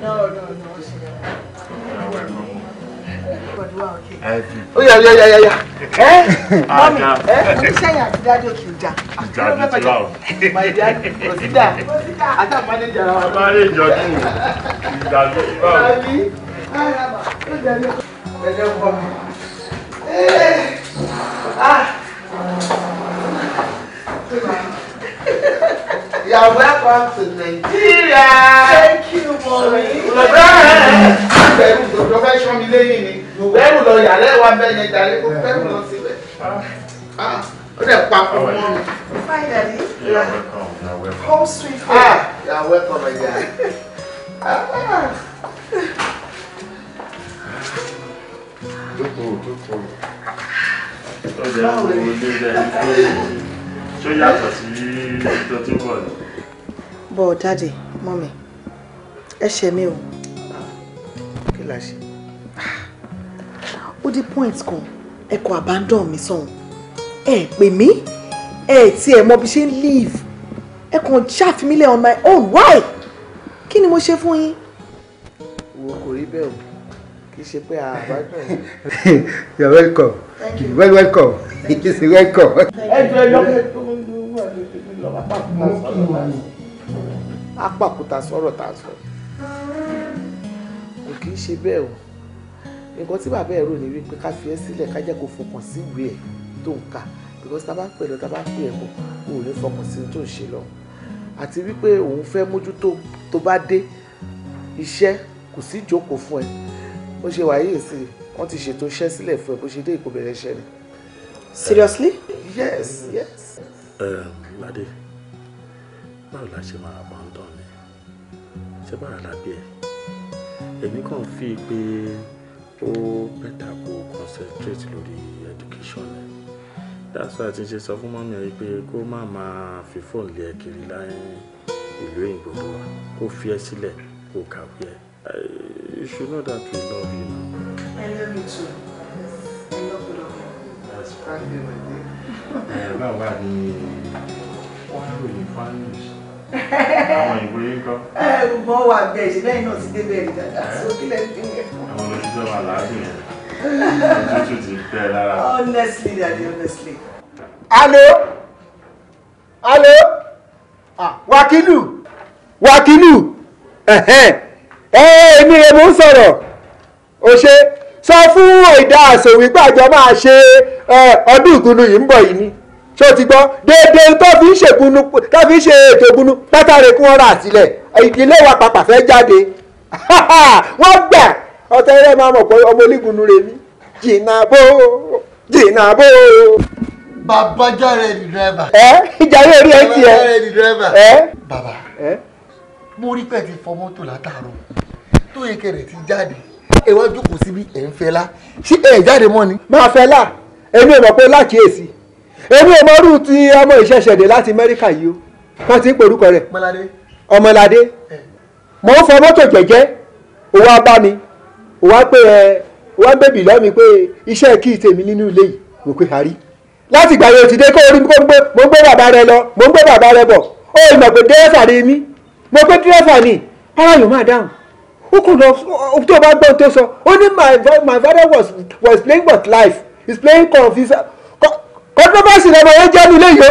No, no, no. But wow, okay. Oh yeah, yeah, yeah, yeah. Eh? Ah, Mommy, eh? Mommy, say your daddy, you kill Jack. Dad is wrong. My dad was there. I thought manager. daddy, manage daddy, team. daddy, is daddy, Mommy, daddy, oh, Dad, oh, daddy, Dad. daddy, ah. You are welcome to Nigeria. Thank you, mommy. Bẹ̀rù lọ fẹ́ sọ mi lẹ́yìn ni. Bẹ̀rù lọ yàrá wa bẹ́ẹ̀ yẹn jàre kó bẹ̀rù lọ síbẹ̀. Ó dẹ̀ pa fún mọ́ Finally, you welcome. Home sweet home. Ah, you are welcome again. Ah. Jókòó, jókòó. Ó jẹ́ ìwé ló dé bẹ́ẹ̀ ní pé ṣó yàtọ̀ sí ìjọ bọ̀ dáàdì mọ́mì ẹ ṣe mí o. kí la ṣe. ó di point kan ẹ kò abandon mi sọ̀hún ẹ pè mí ẹ tí ẹ mọ bí ṣe ń leave ẹ kàn ṣàfimílẹ̀ on my own why kí ni mo ṣe fún yín. wo kò rí bẹ́ẹ̀ o kì í ṣe pé àbájọ. you are welcome you are welcome you are welcome. ẹ jẹ́ yọ́kẹ́ tó ń lọ wá pàtó náà sọ́dọ̀ náà á sọ̀rọ̀ tá a sọ kò kì í ṣe bẹ́ẹ̀ o nǹkan tí bàbá ẹ̀ rò ní wípé ká fi ẹ́ sílẹ̀ ká jẹ́ kó fọkàn sí ìwé ẹ̀ tó ń kà because tá a bá pè lọ tá a bá pè ẹ̀ kó o ò ní fọkàn sí ohun tó ń ṣe lọ àti wípé òun fẹ́ mójútó tó bá dé iṣẹ́ kò sí ìjókòó fún ẹ bó ṣe wà yìí sí ti ṣètò iṣẹ́ sílẹ̀ fún ẹ bó ṣe dé ìkó bẹ̀rẹ̀ iṣẹ́ ni. seriously. yes yes. ẹ ẹ ládé báwo la ṣe máa bá ń tán ṣé bàrà lábẹ́ ẹ̀ èmi kàn fi pé ó bẹ́tà kó concentrate lórí education ẹ̀ that's why ti ṣe sọ fún mọ́mí ẹ̀ pé kó má máa fi fóònù lé ẹ kiri ìlú òyìnbó tó wà kó fi ẹ sílẹ̀ kó kàwé ẹ you should know that we love you. I love you too. I love you. That's fine. Báwo wà ní wọ́n á ròyìn fáńdì? àwọn ìwé ńkọ́. ẹ mọ wà bẹ ṣe lẹ́yìn náà ti débẹ̀ rí dáadáa sókè lẹbi. àwọn olójútọ wà láàbì yẹn òtútù ti pẹ́ honestly daddy honestly. alo alo ah wakilu wakilu èmi rẹ mo ń sọ̀rọ̀ sọ fún ìdá àṣẹ wípé àjọ máa ṣe ọdún ìgúnnu ṣé o ti gbọ́ déédéé tó fi ń ṣègunu tó fi ń ṣe ètò ìgunu látàrí kí wọ́n rà sílẹ̀ ìdílé wa pàpà fẹ́ jáde wọ́n gbà ọ̀tẹ̀ ẹ̀rẹ́ máa mọ̀ pé ọmọ olígunnu rẹ̀ ní jìnnà bó jìnnà bó. bàbá járe ni dírẹ́bà. ẹ ìjà yóò rí ẹ tiẹ. bàbá járe ni dírẹ́bà. bàbá mo rí pẹ́ẹ́ ti fọ mọ́tò látàárọ̀ tó yẹ kẹrẹ̀ ti jáde ẹ wá jókòó síbi ẹ̀ ń fẹ́ la ṣé ẹ jáde mọ́ ni. máa fẹ́ la èmi ò mọ̀ pé lákìyèsí èmi ò mọ rú ti ọmọ ìṣẹ̀ṣẹ̀dẹ̀ láti Amẹ́ríkà yìí o wọ́n ti ń porúkọ rẹ̀ ọmọládé mo ń fọ mọ́tò jẹ́jẹ́ òwò abá mi òwò apẹ́ ẹ wọ́n bèbí lọ́mi pé iṣẹ́ kí tèmi nínú ilé yìí mo pé harí láti ìgbà yóò ti dé kó orí mi pé mo ń gbé bàbá rẹ lọ mo ń gbé bàbá rẹ bọ̀ ó ìmọ̀ pé dírẹ́fà ni mí mo pé dírẹ́fà ni ara yóò máa dáhùn ó kò lọ tó o bá gbọ́ tó sọ ó ní my father was was playing but life he is playing confused controversy lọ́mọ yẹn jẹ́ nílé yìí o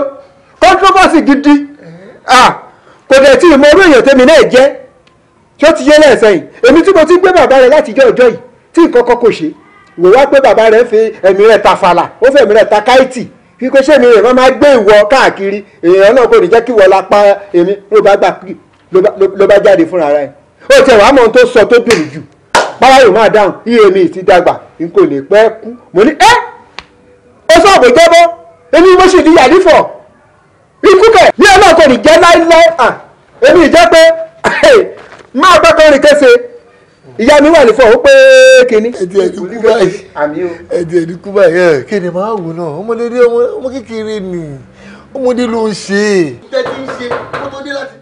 controversy gidi kò dẹ̀ tí mo rí èèyàn tèmi náà jẹ́ tí ó ti yé lẹ́sẹ̀ yìí èmi tí mo ti gbé bàbá rẹ̀ láti jẹ́ ọjọ́ yìí tí nǹkan kan kò ṣe wò wá pé bàbá rẹ̀ fi ẹ̀mí rẹ̀ ta fàlà ó fẹ́ ẹ̀mí rẹ̀ ta káìtì kíkó ṣé mi ìran máa gbé ìwọ káàkiri èèyàn náà kò ní jẹ́ kí wọ́n la pa èmi ló bá gbà ló bá jáde fúnra rẹ̀ ó tiẹ̀ wàá mọ ohun tó sọ tó dùn jù báwa yóò máa dáhùn iye mi ti dàgbà n kò lè pẹ́ kú mo ní ẹ́ ọsọ àgbẹjọbọ èmi mo sì di yàrífọ ikú kẹ ní ọlọ́ọ̀ kò ní jẹ́ láíláí à èmi ìjẹ́ pé máa bá kan rìn kése ìyá mi wà nífọ̀ ó pé kínní. ẹ̀dì ẹ̀dìkú báyìí ẹ̀dì ẹ̀dìkú báyìí ẹ̀ kéde máa wù náà ọmọdé ọmọ kékeré ni ọmọdé ló ń ṣe. ìjẹ́ ti ń ṣe kó tó dé láti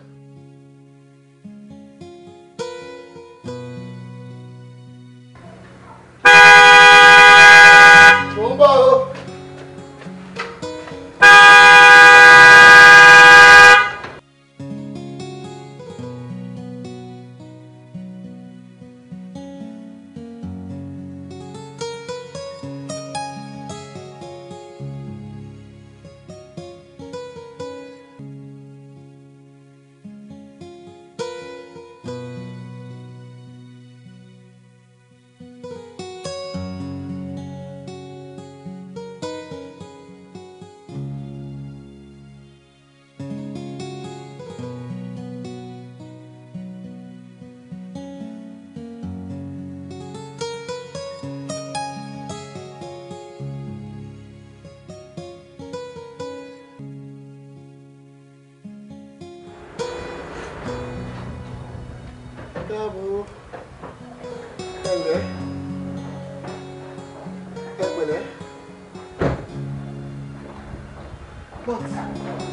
aburú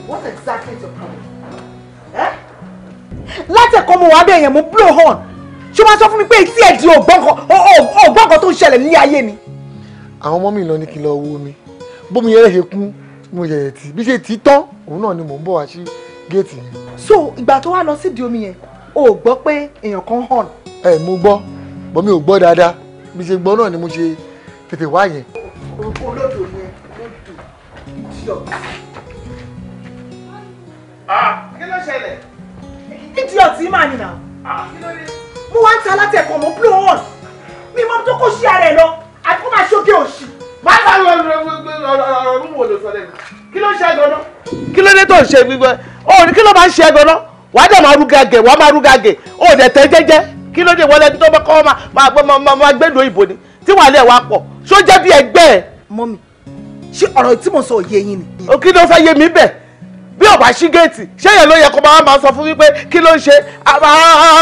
what exactly is your problem? Eh? Láti ẹ̀kọ́ mo wà bẹ́ẹ̀ yẹn mo blow horn. Ṣé o máa sọ fún mi pé etí ẹ̀ di ọ̀gbọ́n kan tó ń ṣẹlẹ̀ ní ayé ni? Àwọn ọmọ mi lọ ní kí n lọ wo mi. Bómi yẹn ṣe kú mo yẹ̀yẹ̀ tì. Bí ṣe ti tán, òun náà ni mò ń bọ̀ wá sí géètì yẹn. So ìgbà tó wá lọ sídìí omi yẹn, o gbọ́ pé èèyàn kan hàn. ẹ mo gbọ́ bọ́ mi ò gbọ́ dáadáa bí ṣe gbọ́ náà ni mo ṣe tètè wá yẹn. orúkọ olódò yẹn lódò tí ọ̀. kí ló ṣẹlẹ̀. idiot yìí máa nìyà. mo wá ń ta alátẹ̀kọ̀ mo blow on mi mọ́ tó kó ṣí ara ẹ̀ lọ àti kó máa ṣókè òṣì. má bá ọ̀rọ̀ ọ̀rọ̀ mú wò ló sọ lẹ́nu kí ló ṣe é gan-an. kí ló dé tó ń ṣe gbígbẹ́ òun kí ló máa ń ṣe é gan-an wàá dẹ̀ máa rúgàgẹ̀ wàá máa rúgàgẹ̀ ó dẹ̀ tẹ́ jẹ́jẹ́ kí ló dé wọlé tó bá kọ́ máa máa gbé lóyún ìbò ni tí wàá lẹ̀ wá pọ̀ ṣó jẹ́ bí ẹgbẹ́ ẹ̀. mọ́mi ṣé ọ̀rọ̀ tí mo sọ òye yín ni. o kí ló fẹ́ yé mi bẹ̀ bí ọba ṣí géètì ṣé yẹn ló yẹ kó máa máa sọ fún wípé kí ló ń ṣe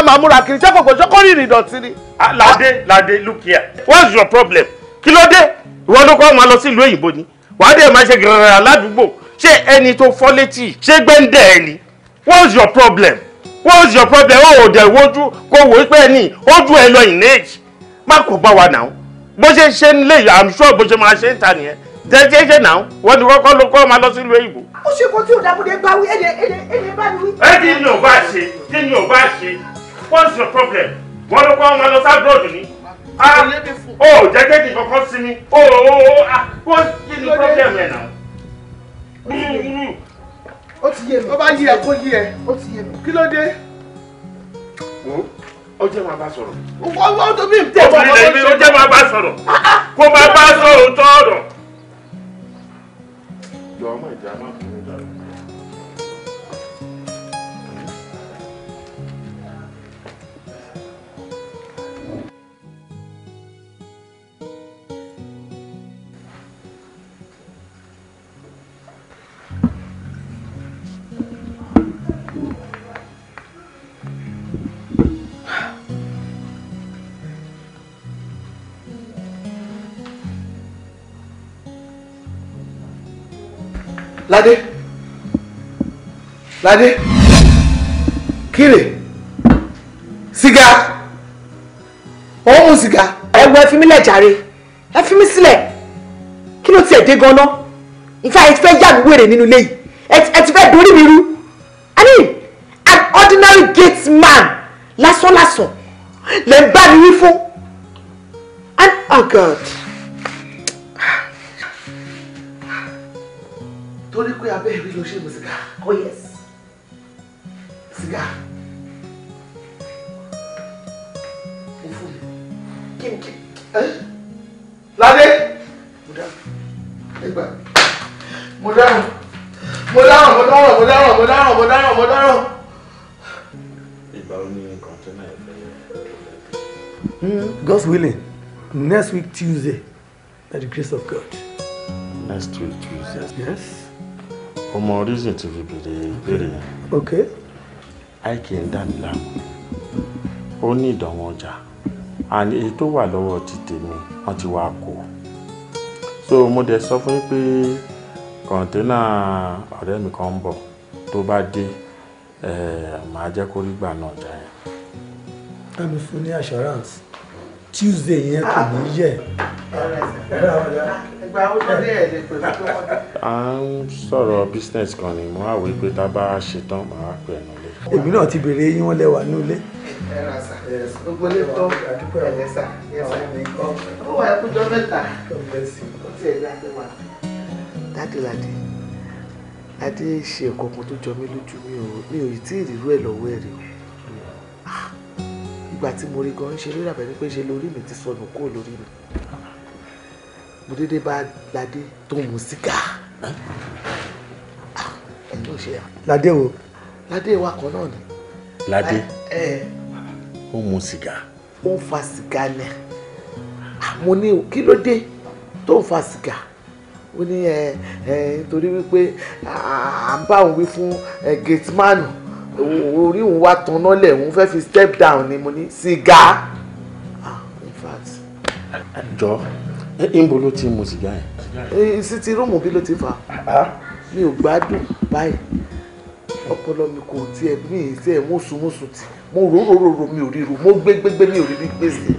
máa múra kiri ṣé kòkò ṣó kó rìnrìn dọ̀tí ni. Ah, lade lade look here what's your problem kí ló dé ìwọ ló kọ́ wọn lọ sí ìlú òyìnbó ni wàá dé máa ṣe gẹ̀rẹ́rẹ́ aládùúgbò ṣé ẹni tó fọ́ létí ṣé gbẹ́ndẹ̀ ẹni what's your problem what's your problem Oh, ò dẹ̀ wojú kó wò ó pẹ́ ní ojú ẹ lọ ìnéèjì má kó bá wa náà bó ṣe ṣe ń lè i'm sure bó ṣe máa ṣe ń ta nìyẹn jẹjẹjẹ náà wọn ni kọ́kọ́ ló kọ́ máa lọ sílùú èyìnbó. ó ṣe kó tí òdàbọ̀dé gbá wí èdè èdè èdè bá mi wí. ẹ kí ni ò bá ṣe kí ni ò bá ṣe what's your problem wọn ló kọ́ máa lọ sábúròdù ni ah, ó jẹ́jẹ́ kí kankan sí mi Oh, oh, ó oh, ah, what's your problem ẹ̀ náà ó ti yé mi. ó bá yí ẹ kó yí ẹ. ó ti yé mi. kí ló dé. ó jẹ́ máa bá sọ̀rọ̀. wọ́n wọ́n tó bí tẹ̀ wọ́n lọ́wọ́ ṣe. ó jẹ́ máa bá sọ̀rọ̀. kó máa bá sọ̀rọ̀ tọ́ ọ̀rọ̀. yọ ọmọ máa fún mi dára. Ládé Ládé kíre sìgá ó ń mu sìgá. ẹ wo ẹ fi mí lẹ̀ jàre ẹ fi mí sílẹ̀ kí ló tiẹ̀ dé gan-an ìfẹ́ ẹ ti fẹ́ yà mí wèrè nínú ilé yìí ẹ ti fẹ́ dorí mi rú i mean an ordinary gate man lásán lásán lè ń bá mi wí fún and oh God. Maybe you should have cigar. Oh, yes. Cigar. Kim, Kim. Eh? Lade? Mo dáhùn. Ẹ gbà. Mo dáhùn. Mo dáhùn, mo God's willing, next week Tuesday, by the grace of God. Next week Tuesday? Yes ọmọ reason ti fi béèrè ìbéèrè yẹn. ok. aiki ń dà mí láàmú ó ní ìdánwò ọjà and èyí tó wà lọ́wọ́ ti tèmi wọ́n ti wá kó so mo dẹ̀ sọ fún yín pé kọ̀ǹténà ọ̀rẹ́ mi kan ń bọ̀ tó bá dé màá jẹ́ kó rí gbà náà jà yẹn. bámi fún ní assurance tuesday yẹn kò ní yẹ gba ó lórí ẹ̀ lè pè mí tó wọ́n. à ń sọ̀rọ̀ business kan ni mo á wí pé tá a bá ṣe tán màá pè ẹ̀ nílé. èmi náà ti béèrè yín wọ́n lẹ́wà ní ilé. ẹ ra sà gbogbo ilé tó ẹ̀lẹ́ sà yẹ sà ní kọ́ ó wà ẹkújọ́ mẹ́ta ó tiẹ̀ láti wà. dádìládì adé ṣe nǹkan kan tó jọ mí lójú mi ò mi ò tí ì rírú ẹ̀ lọ́wọ́ ẹ̀ rí o ah, ìgbà tí mo rí gan ṣe rí ràbẹ́ ni pé ṣe lórí mi ti sọnù kúrò lórí mi mo dédé bá Ládé tó mu sìgá ah, ẹni ò ṣe yà. Ládé wo. Ládé wa kan náà ni. Ládé ó mu sìgá. ó ń fa sìgá ni ah, mo ní kí ló dé tó ń fa sìgá ó ní ẹ ẹ nítorí wípé à ń bá òun wí fún gateman orí òun wá tanná lẹ̀ òun fẹ́ fi step down ni mo ní Ah, in fact. jọ ìbò ló ti mu sìgá yẹn. sí ti rúùmù bí ló ti fà á mi ò gbádùn báyìí ọpọlọ mi kò tiẹ̀ mi ì tiẹ̀ mùsùmùsù tì mo ròròròrò mi ò ríru mo gbégbégbé mi ò rí bí gbèsè.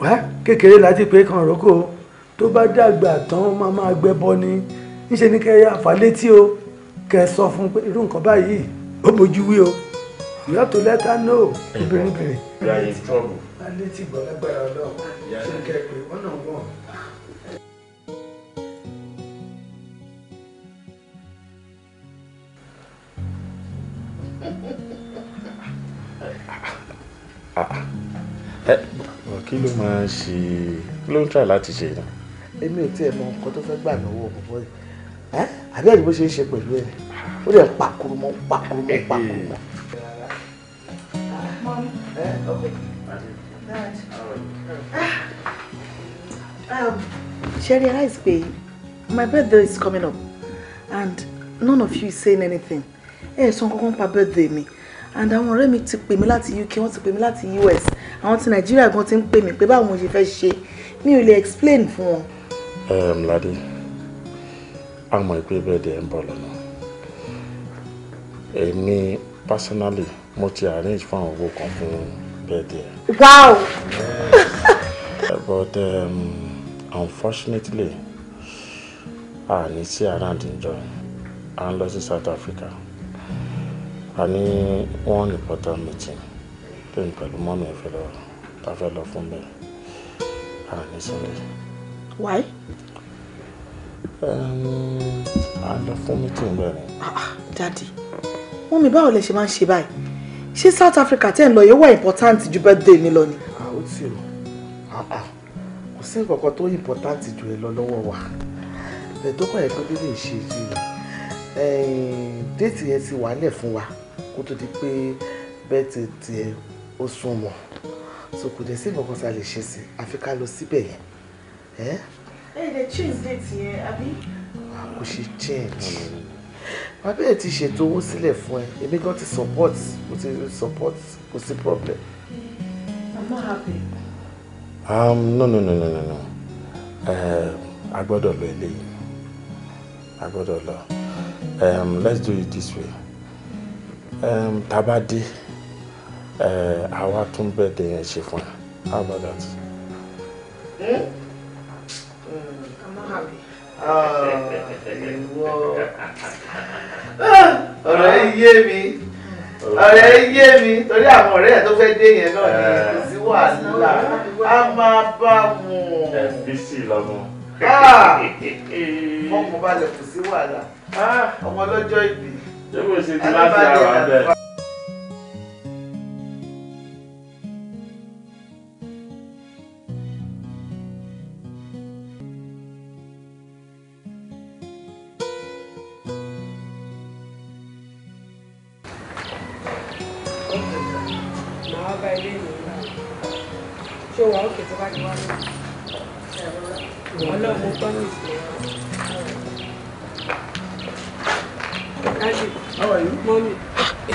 wá kékeré láti pé kan ròkò tó bá dàgbà tán máa máa gbẹbọ ni níṣẹ́ ni kẹ́ ẹ àfà létí o kẹ́ ẹ sọ fún pé irú nǹkan báyìí ó bójú wí o you have to let her know obìnrin bìnrin á létí gbọ́ lágbára ọlọ́run ṣé kẹ́ ẹ pé wọ́n náà wọ̀n. Eh, kí ló máa ṣe kí ló ń try láti ṣe yẹn. èmi ò tiẹ̀ mọ nǹkan tó fẹ́ gbà lọ́wọ́ bọ̀bọ̀ yìí ẹ́ eh, àbí àdìbò ṣe é ṣe pẹ̀lú ẹ̀ ó dẹ̀ pakuru mọ́ pakuru mọ́ pakuru mọ́. Eh, Ah. Ah. Um, Sherry, I realize my birthday is coming up and none of you is saying anything. Ẹ so I'm going pa birthday me, and I want mi ti pè mí láti UK want to pè mí láti US I want to Nigeria, I want to pay me. báwo mo ṣe fẹ́ ṣe mi ò lè explain for. Um, Ladi, I'm my pé birthday in ń bọ̀ lọ́nà. Èmi personally mo to arrange for àwọn owó kan fún birthday. Wow. Yeah. but um, unfortunately, I need to around enjoy. A ń lọ sí South Africa. I need one important meeting Then pẹ̀lú mọ́mí ẹ̀fẹ̀ lọ tá a fẹ́ lọ fún mi. A ní Why? Um, a lọ fún meeting bẹ́ẹ̀ ni. Ah, ah, Dádì, mọ́mí báwo lẹ ṣe máa ń ṣé South Africa tẹ́ ń lọ yìí wà important ju birthday mi lọ ni. ó ti rò kò sí nǹkan kan tó important ju ẹ lọ lọ́wọ́ wa ẹ̀ tó kọ̀ yẹ pé bí lè ṣe jù déètì yẹn ti wà lẹ̀ fún wa kó tó di pé bẹ́ẹ̀tì tiẹ̀ ó sún mọ́ so kò dẹ̀ sí nǹkan kan tá a lè ṣe sí àfi ká lọ síbẹ̀ yẹn. ẹ ẹ lè change déètì yẹn àbí. kò ṣe change bàbá ti ṣètò owó sílẹ̀ fún ẹ èmi gan ti support kò ti support kò sí problem. I'm not happy. Um, no no no no no no um, a gbọ́dọ̀ lọ eléyìí a gbọ́dọ̀ lọ um, let's do it this way um, tá a bá dé eh, àwa tún bẹ́ẹ̀ dé yẹn ṣe fún ẹ how about that. Hmm? Mm, I'm not happy ìwọ ah, ọ̀rẹ́ yé mi ọ̀rẹ́ yé mi torí àwọn ọ̀rẹ́ ẹ̀ tó fẹ́ dé yẹn náà ni kò sí eh. wàhálà a máa bá mu. fbc lọmọ. fọkànbalẹ̀ kò sí wàhálà ah, ọmọ ọlọ́jọ́ ìbí. ṣé ṣe ti láti àwọn abẹ́.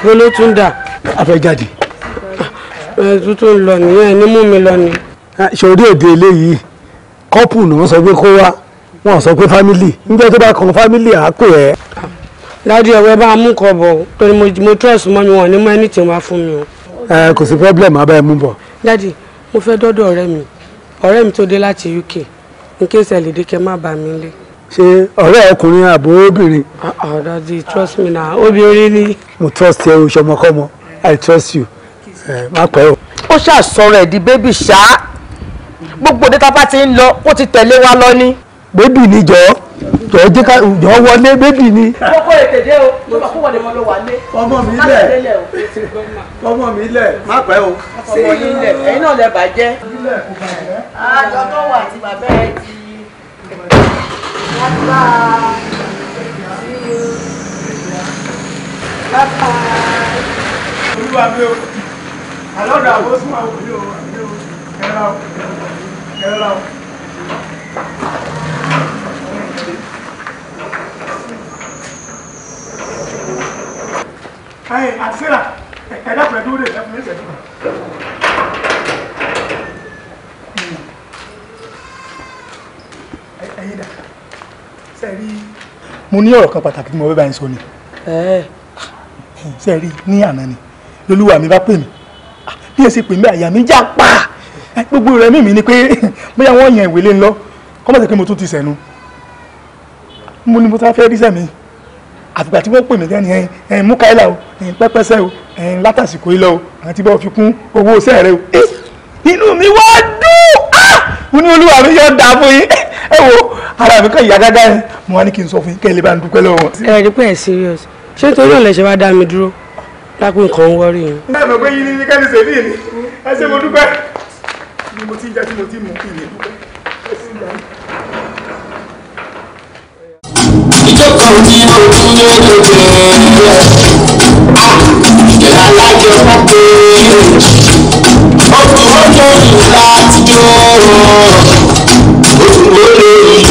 bolo tún dà. afẹ́jáde. ẹ tuntun lọ nìyẹn ní mú mi lọ ni. sọ̀rí ah, èdè eléyìí kọ́pù ni wọ́n sọ pé kó wá wọ́n sọ pé fámìlì níjẹ́ tó bá kàn fámìlì à á pè ẹ́. ládìí ọ̀wẹ́ bá a mú kọ bọ̀ torí mo trust mọ́ mi wọ̀n ní mọ́ ẹni tí wọ́n á fún mi o. ẹ kò sí problem abẹ́ ẹ mú bọ̀. dádì mo fẹ́ dọ́dọ̀ ọ̀rẹ́ mi ọ̀rẹ́ mi tó dé láti UK in case ẹ lè dé kẹ́ má bà mí lé ṣe ọ̀rẹ́ ọkùnrin àbò obìnrin. ọ̀rọ̀ ah, ah, trust me na obìnrin ni. mo trust ẹ o ṣọmọkọmọ i trust you ẹ má pẹ́ o. ó ṣàṣọrọ ẹ̀ di bébì ṣá gbogbo dẹ́ta bá ti ń lọ ó ti tẹ̀lé wa lọ ni. bébì ni jọ̀ọ́ jọ̀ọ́ jẹ́ ká jọ̀ọ́ wọlé bébì ni. kókó ètè dé o ló bá kó wọlé wọn ló wà lé. ọmọ mi lẹ ọmọ mi lẹ má pẹ́ o. ọmọ yín lẹ ẹ̀yin náà lẹ bàjẹ́. àjọ tó wà tí bàbá ẹ ti agbára tí o lápá. olúwa mi o àlọ́dọ̀ àbó sún àwọn òbí o àbí o kẹrẹ́lá Hey, Ansela, ẹ dákun ẹ dúró de ẹ sẹ́rí mo ní ọ̀rọ̀ kan pàtàkì tí mo fẹ́ bá yín sọ ni sẹ́rí ní àná ni lolúwa mi bá pè mí ah, bí ẹ ṣe pè mí àyà mi já pa eh, gbogbo rẹ̀ mímí ni pé bóyá wọ́n yan ìwélé ńlọ kọ́mọ̀tẹ̀ pé mo tún ti sẹ̀nu mo ní mo tún fẹ́ rí sẹ́mi àtìgbà tí wọ́n pè mí lẹ́nu ẹ̀yìn ẹ̀yìn múkaílà o ẹ̀yìn pẹ́pẹ́sẹ́ o ẹ̀yìn látàsìkò ilẹ̀ o àwọn tí bá fi kún owó iṣẹ́ rẹ o. Eh, inú mi wá dùn ah, mo ní olúwa mi yóò dáa fún yín ẹ wò ara mi kàn yá gágá yẹn mo wá ní kí n sọ fún yín ẹ lè bá ń dúpẹ́ lọ́wọ́. ẹ ẹ dúpẹ́ ẹ serious ṣé torí ọ̀lẹ́ ṣe wá dá mi dúró lápò nǹkan ń wọ́rí yẹn. ẹ mọ̀ pé yín ní kẹ́ni sèlí ni ẹ ṣe mo dúpẹ́ ni mo ti ń jẹ́ tí mo ti mú kí n lè dúpẹ́. ìjókòó tí mo tún yóò tó jẹ́ ìjọba alájọ fún pé ó tún ó tó ìlú láti jó oṣù mélòó yìí.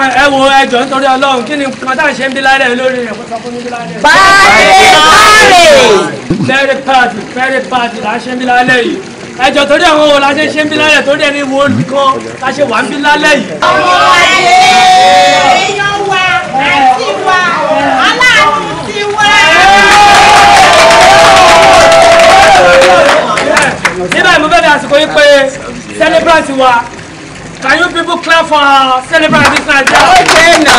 ẹwọ ẹwọ ẹjọ nítorí Ọlọ́run kí ni nǹkan tá à ń ṣe ń bí ládẹ lórí rẹ kó sọ fún mi bí ládẹ. báyìí báyìí. very bad very bad là ṣe ń bí ládẹ yìí ẹjọ torí àwọn wo la ṣe ṣe ń bí lálẹ́ torí ẹni wo nìkan la ṣe wà ń bí lálẹ́ yìí. ọmọ ayé èèyàn wa àti wa aláàtì ti wá. nígbà mo bẹ̀rẹ̀ àsìkò yìí pé celebrant wa people clap for celebrate this Naija. okay oh,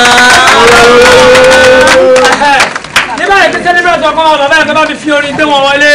now, nígbà yìí tí celebrate ọkọ bàbá yẹn tó bá mi fi orin gbé wọn wọlé.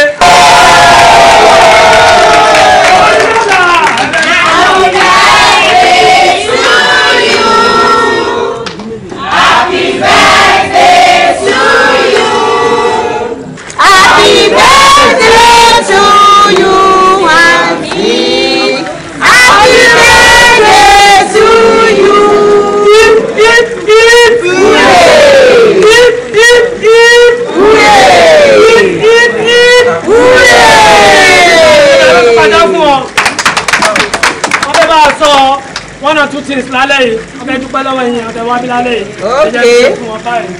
one or two things lálẹ́ yìí ọbẹ̀ dúpẹ́ lọ́wọ́ yìí ọbẹ̀ wá bí lálẹ́ yìí ẹ̀jẹ̀ bí ṣe fún wọn báyìí.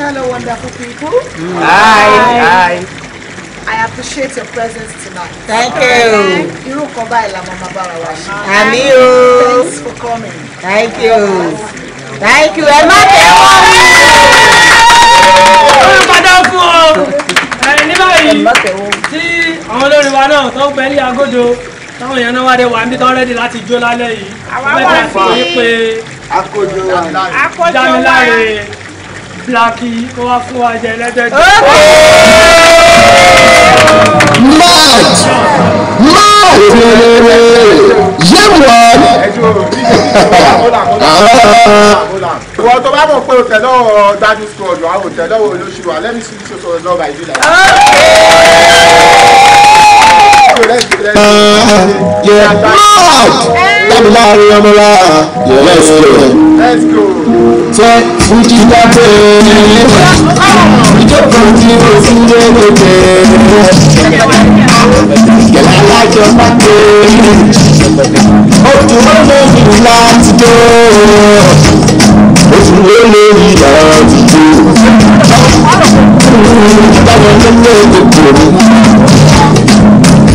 Hello, wonderful people. Hi, hi. I appreciate your presence tonight. Thank you. Irú kan báyìí la màmá bára wa ṣe. Àmì o. Thanks for coming. Thank you. Thank you. Ẹ má tẹ̀wọ́ mi. Olùpadà fún ọ. Ní báyìí tí àwọn olórí wa náà tó ń pẹ́ ní agodo táwọn èèyàn náà wá dé wà níbi táwọn rẹ́dì láti jó lálẹ́ yìí àwọn wà ní pé akójọ wa Dámiláre Blacky kó wá fún wa jẹ ẹlẹ́dẹ̀ẹ́dẹ́. mad mad yéwọ. ìwọ tó bá mọ̀ pé o tẹ̀lé ọ̀rọ̀ dájú sọ ọ̀dọ̀ àwọn òtẹ̀lé ọ̀rọ̀ olóṣèlú alẹ́ mi sì sọ̀rọ̀ lọ́ba ìdílé yẹ loud dábìláàrin ọmọlá let's go tẹ fújì dábẹ́ ìjọba tí mo fi lé lóde gẹ̀lá lájọ bá dé ojú ọmọ mi láti dé ojú olè mi láti dé báwo ló lè dé kúrò.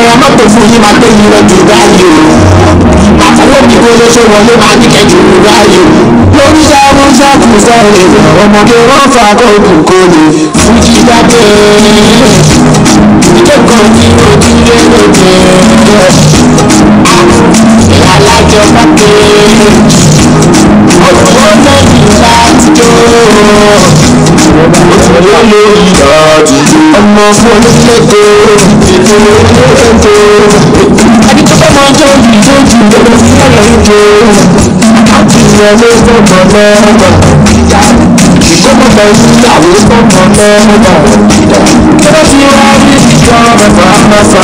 ọ̀rọ̀ mọ́tò fún yín máa gbẹ̀yìn lọ jù báyìí o àfọwọ́bìbí olóṣè wọlé máa ní kẹjù jù báyìí o lórí sáwọn sáàkù sáré ọmọdé wọn fà kókò kólé fújì dábẹ́ ìjókòó tí ojú lé lóde alájọ pàtó olùwó lórí ìlà àtijọ́ olùwó lórí ìlà àtijọ́ ọmọ fún olùkẹ́kọ̀ọ́ ètò olùkẹ́kọ̀ọ́ ẹni tó fẹ́ máa jọ òbí lójú lọ́wọ́ fún ọ̀rọ̀ àti ìyẹn ló fọ́ bọ̀ Kókó lọ sí àwọn sọ́kọ lọ́wọ́ ìdá. Kọ́lá ti wá ní ìjọ bàbá àmàṣà.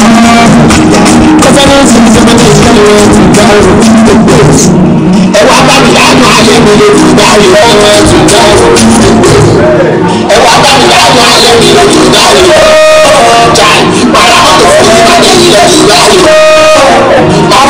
Kọ́sá náà sì ń sọ́kọ́ ní ìkẹ́lẹ́ ti gbá òrò gbogbo. Ẹ̀wọ̀n abáwìlá àánú ayé mi lè ti gbá òrò ọ̀rọ̀ ti gbá òrò gbogbo. Ẹ̀wọ̀n abáwìlá àánú ayé mi lè ti gbá òrò ọ̀rọ̀ ọ̀jà. Pàrọ̀ mọ́tò fún ìbàdàn ilẹ̀ ti gbá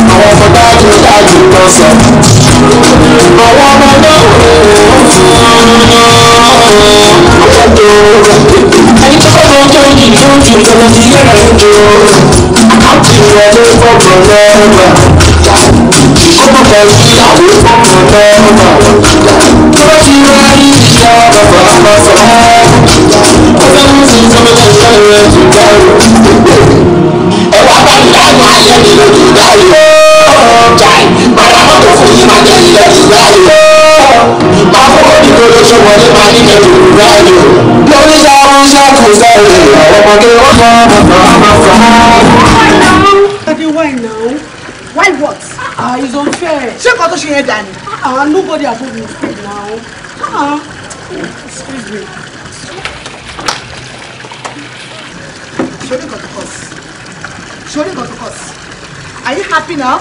àwọn ọmọ dájú dájú kan sọ. àwọn ọmọ náà ẹni tó bá wọn tó yìí tó ju ìjọba ti yára ètò àtìwọlé fọkàn lọ́wọ́ kọ́mọ pẹ̀lú ìyàwó fọkàn lọ́wọ́ tó bá ti rẹ ìyá bàbá bàbá ọ̀sán ọ̀sán ló ti sọ́mọ́tò ìtàn rẹ̀ tó dáhùn àgbàdo àgbà ayé mi ló ti dá yìí ó jai padà mọ́tò fún yìí máa jẹ́ ilé ti dá yìí ó máa fún òbí tó lóṣù wọlé máa ní kẹtù ti dá yìí ó. lórí sáwọn sáàkù sáré àwọn ọmọdé wọn fọ ọmọ fọ. Daddy, why now? Why what? Ah, it's unfair. Ṣé nǹkan tó ṣe yẹn Ah, nobody has told me to speak now. Ah, excuse me. Ṣé o ní nǹkan Show nǹkan tó kọ̀ are you happy now.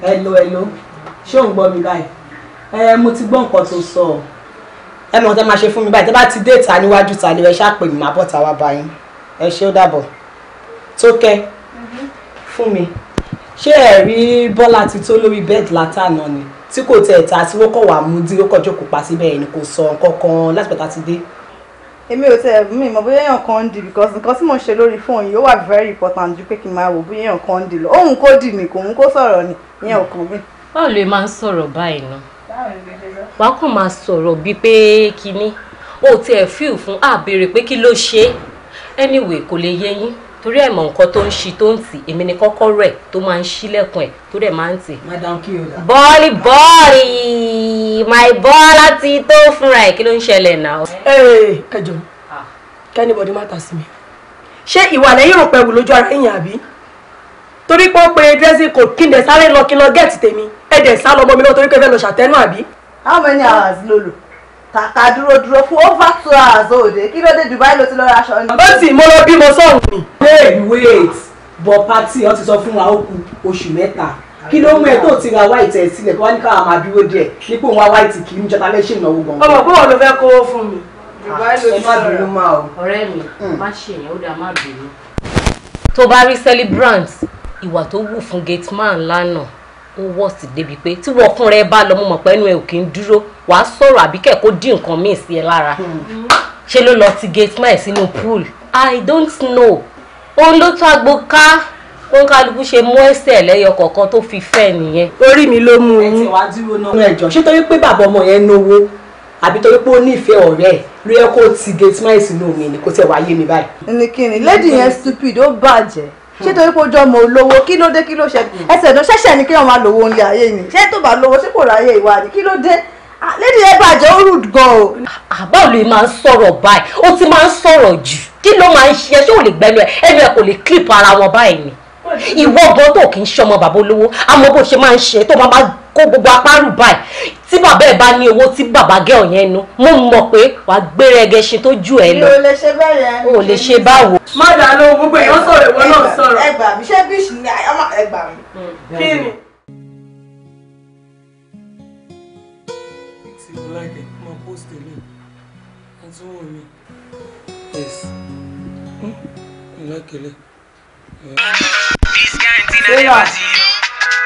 hello hello Show me ń gbọ́ mi báyìí ẹ mo ti gbọ́ nǹkan tó sọ ọ ẹ mọ̀ tẹ́ máa ṣe fún mi báyìí tẹ́ bá ti dé ìta níwájú ta ni ẹ ṣáà pè mí máa bọ̀ táwa báyìí ẹ ṣé ó dàbọ̀ Tókẹ́ mhm. fún mi ṣé ẹ rí Bọ́lá ti tó lórí bẹ́ẹ̀dì látàná ni tí kò tẹ̀ ta tí wọ́n kọ̀ wá mú dín kọ̀ jókòó pa síbẹ̀ ẹni kò sọ nǹkan láti pẹ̀ta ti dé. èmi ò tẹ mi mọ bóyá èèyàn kan ń di because nǹkan tí mo ṣe lórí fóònù yìí ó wà very important ju pé kí n máa wò bóyá èèyàn kan ń di lọ òun kò dì mí kò òun kò sọ̀rọ̀ ni ìyẹn ò kàn mí. báwo ló máa ń sọ̀rọ̀ báyìí náà wàá kàn máa sọ̀rọ̀ bíi pé kinní ó tiẹ̀ fíìl fún àbèrè pé kí ló ṣe anyway kò lè yẹ torí ẹ̀ mọ̀ nǹkan tó ń ṣi tó ń tì èmi ni kọ́kọ́ rẹ̀ tó máa ń ṣílẹ̀kùn ẹ̀ tó dẹ̀ máa ń tì. bọ́ọ̀lì bọ́ọ̀lì my bọ́ọ̀lá ti tó fúnra ẹ̀ kí ló ń ṣẹlẹ̀ náà. Eh, ẹ ẹ jọ kẹ́nìbọ̀dì má ta sí mi ṣé ìwà lẹ́yìn rò pẹ̀wù lójú ara yìnyín àbí torí pé ó pe dressing code kí n dẹ̀ sáré lọ kí n lọ gẹ̀ẹ́tì tèmi ẹ dẹ̀ sá lọ mi lọ́wọ́ torí pé fẹ́ lọ ṣàtẹ́nu àbí. how many hours ló kàkà dúró dúró fún over two hours òde kí ló dé Dubai ló ti lọ́ọ́ aṣọ ni. bàbá tí mo lọ bímọ sọ̀rùn ni. wait wait bọ̀ pati wọ́n ti sọ fún wa ó kù oṣù mẹ́ta kí ló mú ẹ tó ti ra white ẹ sílẹ̀ kí wọ́n ní káwa máa dúró díẹ̀ nípò wa white kì í jọta lẹ́sẹ̀ ìnáwó gan. ọmọ bọ́ọ̀ ló fẹ́ kówó fún mi. Dubai ló ti ah, sọ̀rọ̀ ọ̀rẹ́ mi hmm. má ṣe yẹn ó dáa má bínú. tó bá rí celebrant ìwà tó wù fún gate man lánàá ó wọ̀sì débi pé tí wọ́n ọkùnrin ẹ bá lọ mo mọ̀ pé ẹnu ẹ ò kí ń dúró wàá sọ̀rọ̀ àbí kẹ̀ kó dín nǹkan míì sí ẹ lára hmm. ṣe ló lọ ti gate mile sínú pool i don't know òun ló tó agbo ká òun kálukú ṣe mú ẹsẹ̀ lẹ́yọ kọ̀ọ̀kan tó fi fẹ́ nìyẹn. orí mi ló mú un. ẹ ti wá dúró náà ẹjọ́ ṣé torí pé bàbá ọmọ yẹn náwó àbí torí pé ó nífẹ̀ẹ́ ọ̀rẹ́ ẹ̀ ló yẹ kó ti gate mile sínú omi ni kò tẹ̀ wáyé mi báyìí. nìkìnnì lady yẹn stupid ó bàjẹ́ ṣé torí kó jọ mọ olówó kí ló dé kí ló ṣe mm. ẹsẹ̀ náà ṣẹ̀ṣẹ̀ ni kí wọ́n máa lówó ní ayé yìí ṣé tó bá lówó ṣé kò ráyè ìwà ni kí ló dé lédi ẹ bàjẹ́ gan o. àbá olè máa ń sọ̀rọ̀ báyìí ó ti máa ń sọ̀rọ̀ jù kí ló máa ń ṣe ṣé ò lè gbẹnu ẹ ẹnu ẹ kò lè clip ara wọn báyìí ni ìwọ gan tó kì í ṣọmọ bàbá olówó àmọ́ bó ṣe máa ń ṣe tó máa máa kó gbogbo apárù báyìí tí bàbá ẹ̀ bá ní owó tí bàbá gẹ̀ ọ̀yẹn nu mo mọ̀ pé wàá gbére ẹgẹṣin tó ju ẹ lọ. mi ò lè ṣe bẹ́ẹ̀ yẹn. o lè ṣe báwo. má dàá lóhun gbogbo èèyàn sọ̀rọ̀ ìwọ náà sọ̀rọ̀. ẹgbà mi ṣé bíṣì ni ẹgbà mi. kí ni. ti like it ma post a link and so on me yes hmm? i like it yeah. this guarantee na never see you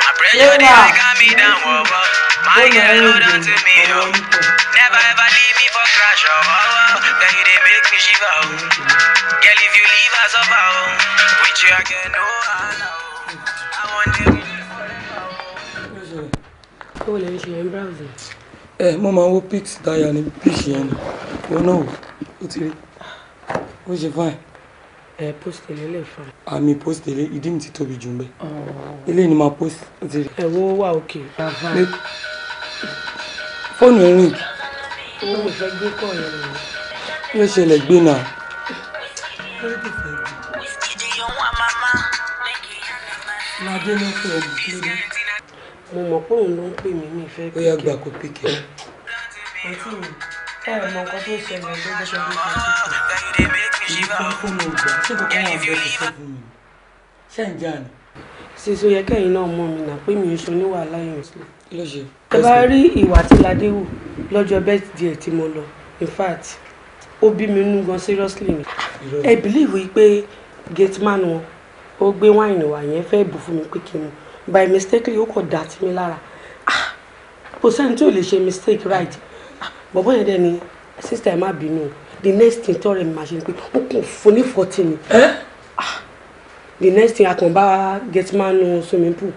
my pressure dey like calm me down wọ́wọ́. I get on to me, oh. Never ever leave me for crash, oh. oh, oh. Girl, you they make me shiver, oh. Girl, if you leave us over, oh. With you, I get no honor, oh. I want to be forever, oh. Ó lè ń ṣe ẹ̀ ń browse. Ẹ mo máa ń wo pics dáyà ní píìsì yẹn ni. Mo náà wò ó ti rí. Ó ṣe fine. Ẹ post ilé lè fa. Àmì post ilé ìdí mi ti tóbi jù ń bẹ. Ilé oh. ni màá post. Ẹ wo wà òkè. Make fóònù ẹ̀ rìn. owó ìfẹ́ gbé kọ́ ẹ̀ rẹ̀. ló ṣẹlẹ̀ gbé náà. ládé ló pè ọ́ lórí. mo mọ̀ pé òun ló ń pè mí ní ìfẹ́ pé kí. ó yá gbà kó pè kẹ́. àti mi táyà mọ nǹkan tó ṣẹlẹ̀ tó bá ṣe gbé kọ́ sí. èyí kan fóònù ìgbà tí kò kọ́ wọn bẹ̀rẹ̀ sẹ́gun mi. ṣé ń jà ni. sísọ yẹ kẹ́yìn náà mọ̀ mi nà pé mi ò ṣe oníwàhálà yẹn sílẹ̀ kí ló ṣe. ẹ bá rí ìwà tí ládé wù lọ́jọ́ birthday tí mo lọ in fact ó bí mi nú gan seriously ni ẹ believe wípé gate man wọn ó gbé wáìnì wà yẹn fẹ́ bù fún mi pé kí n mu by mistake ó kò dá sí mi lára ah, kò sẹ́ni tí ò lè ṣe mistake right bọ̀bọ̀ ah, yẹn dẹ́ ni sister ẹ̀ má bínú o the next thing tọrẹ mi máa ṣe ni pé ó kò fún ní forty ni ah, the next thing akànbá get man nu swimming pool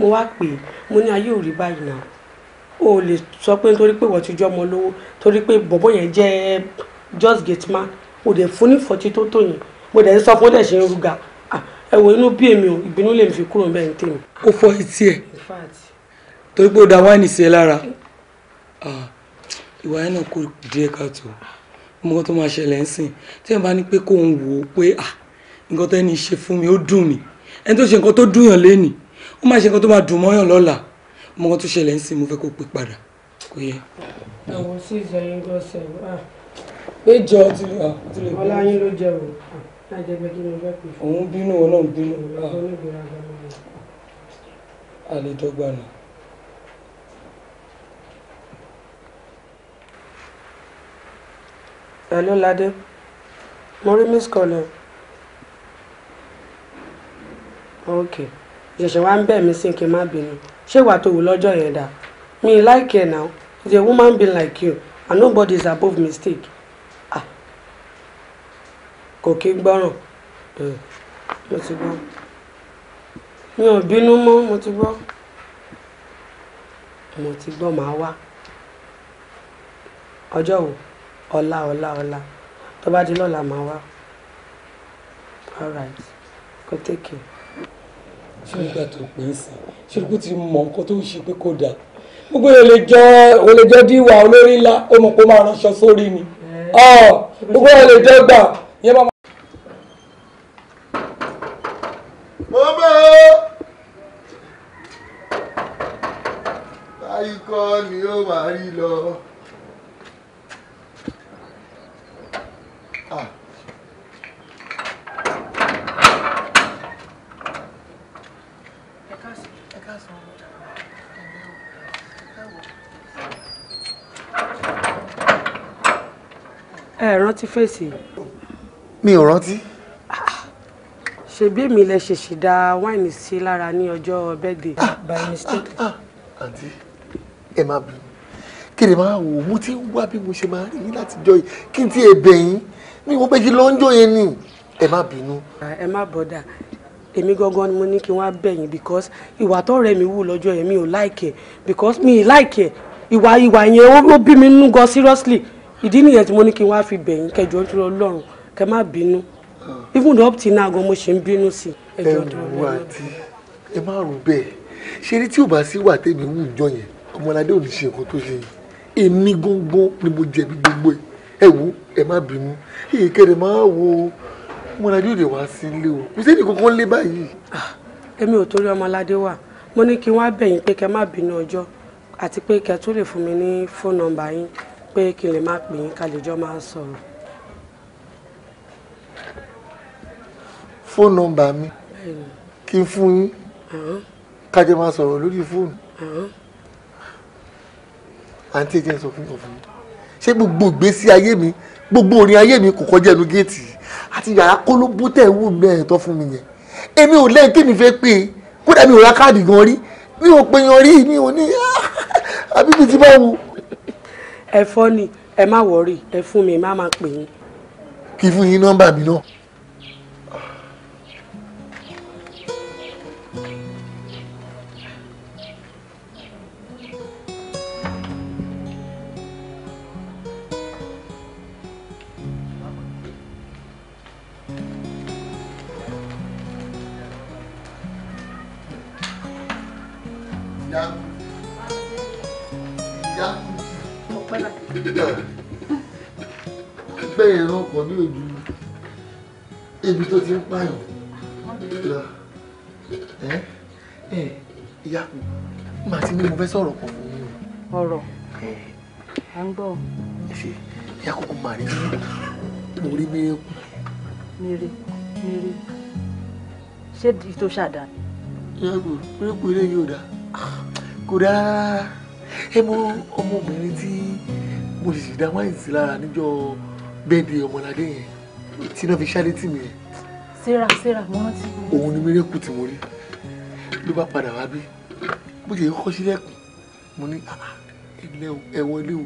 mo wá pè é mo ní ayé ò báyìí náà o lè sọ pé nítorí pé wọ́n ti jọ́ ọmọ lówó torí pé bọ̀bọ̀ yẹn jẹ́ just gate man o dẹ̀ fún ní fọ́tí tó tó yẹn mo dẹ̀ sọ fún ó dẹ̀ ṣe ń ruga ẹ wo inú bí èmi o ìbínú lèmi fi kúrò bẹ́ẹ̀ ní tèmi. ó fọ etí ẹ torí pé ó da wáìnì sí ẹ lára ìwà yẹn náà kò díẹ̀ káàtó nǹkan tó máa ṣẹlẹ̀ ń sìn tí ẹ̀ bá ní pé kò ń wò ó pé nǹkan tẹ́ni ṣe fún mi ó dùn mí ẹni tó ṣe nǹkan tó dùn yàn lénìí o má ṣe nǹkan tó máa dùn mọ́yàn lọ́la mo kàn tó ṣẹlẹ̀ ń sìn mo fẹ́ kó pè padà kò yẹ. àwọn tí ìjà yín gbọ́ sẹ̀ wá. pé jọ ti lè ti lè. ọlá yín ló jẹ o àjẹgbẹ ah, kí ni o fẹ́ pè fún. òun bínú òun náà bínú. àlè dọ́gba náà. Hello, Lade. Mo rí miss call Okay ìṣẹ̀ṣẹ̀ wa ń bẹ̀ mí sí kí n má bínú ṣé ìwà tó wù lọ́jọ́ yẹn dà me like ẹ̀ now it's a woman being like you and nobody is above mistake ah kò kí gbọ́ràn mo ti gbọ́ mi ò bínú mọ́ mo ti gbọ́ mo ti gbọ́ màá wá ọjọ́ wo ọ̀la ọ̀la ọ̀la tó bá di lọ́la màá wá all right go take care nígbà tó pè é sí ṣùgbọ́n ti mọ nǹkan tó ń ṣe pé kò dáa gbogbo èlè jọ òlè jọ díwà olórí ńlá ó mọ̀ pé ó máa ránṣọ sórí ni gbogbo èlè jọ gbà yẹn máa. mọ́mọ́ báyìí kọ́ ni ó máa rí lọ. ẹ rántí fèsì. mi ò rántí. ṣebí èmi lè ṣèṣì da wáìnì sí lára ní ọjọ́ bẹ́ẹ̀dẹ̀ ah, by mistake. Ah, ah, àǹtí ẹ máa bì kí ni máa wò mo ti ń wá bí mo ṣe máa rí yín láti jọ yìí kí n ti ẹ̀bẹ̀ yín mi ò bẹ́ẹ̀ kí lọ́njọ́ yẹn ni ẹ má bínú. ẹ má bọ̀dà èmi gangan ni mo ní kí n wá bẹ̀yìn because ìwà tọ́rẹ́ mi wù lọ́jọ́ yẹn mi ò like ẹ̀ because mi ì like ẹ̀ ìwà ìwà yẹn ó bí mi nú gan seriously ìdí nìyẹn tí mo ní kí n wá fi bẹ̀yìn kẹjọ ń tún ọlọ́run kẹ má bínú even though up till now gan mo ṣe ń bínú sí i. ẹ wù àti ẹ má rò bẹ́ẹ̀ ṣe rí tí ò bá sí wà tẹ́mi wù jọ yẹn ọmọládé ò ní ṣe nǹkan tó ṣe yìí èmi gbọ́ngbọ́n ni mo jẹ̀bi gbogbo ẹ ẹ wò ẹ má bínú ìkẹrẹ máa wo ọmọládé ò lè wá sí ilé o kò sẹ́ni kankan lé báyìí. Ah, èmi ò torí ọmọládé wà mo ní kí n wá bẹ̀yìn pé kẹ má bínú ọjọ́ àti pé kẹ tó lè fún mi ní fóònù nọ́mbà yín pé kí n lè má pè yín ká lè jọ máa sọ̀rọ̀. fóònù nọ́mbà mi kí n fún yín ká jọ máa sọ̀rọ̀ lórí fóònù àǹtí jẹ́ sọ fún ọ̀fun ṣé gbogbo ìgbésí ayé mi gbogbo orin ayé mi kò kọjá ẹnu géètì àti yàrá kólóbó tẹ̀ wù mí ẹ̀ tọ́ fún mi yẹn èmi ò lẹ́yìn kí mi fẹ́ pé kódà mi ò ra káàdì gan rí mi ò pe yan rí mi ò ní àbí mi ti bá wù ẹ fọ́ ni ẹ má wọ̀rí ẹ fún mi má máa pè yín. kí fún yín nọ́mbà mi náà. mo rí miri. mírèkù mírèkù ṣé di tó ṣàdá ni. yàgò mírèkù ilé yóò dá kò dá rárá ẹ mọ ọmọbìnrin tí mo ṣèṣì dá wáyé sí lára níjọ́ bẹ́ẹ̀dì ọmọládé yẹn tí náà fi ṣáde tì mí yẹn. sarah sarah mo rántí. òun ni mírèkù tí mo rí ló bá padà wá bí bó ṣe kọ́ sílẹ̀kùn mo ní ah, ah, ẹ̀wọ̀n ilé o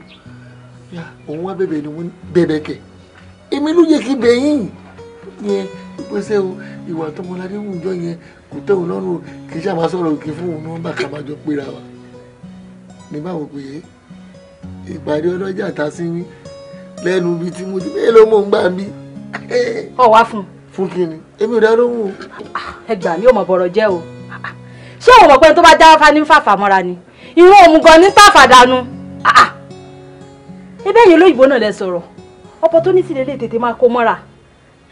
òun wá bẹ̀bẹ̀ ni mo ní bẹ̀bẹ̀ kẹ̀ èmi ló yẹ kí bẹ̀yìn yẹn ìpèsè o ìwà tọmọládé wùjọ yẹn kò tẹ́ òun lọ́rùn kì í ṣàbá sọ̀rọ̀ òkè fún òun nọ́mbà ká máa jọ péra wa ní báwo pé ìpàdé ọlọ́jà ta sí mi lẹ́nu bíi tí mo ti bẹ́ẹ̀ ló mọ̀ ń gbà mí. ọ wá fún un. fún kínní èmi ò dá lóhùn o. Ah, ẹ gbà mí ò mọ̀ bọ̀rọ̀ jẹ́ o ah, ah. ṣé òun mọ̀ pé tó bá dá fá ní fàfà mọ́ra ni ìwọ òun gan ní tàfà dànù. ebe yìí olóyìnbó náà lẹ sọ̀rọ̀ opportunity lè lè tètè máa kó mọ́ra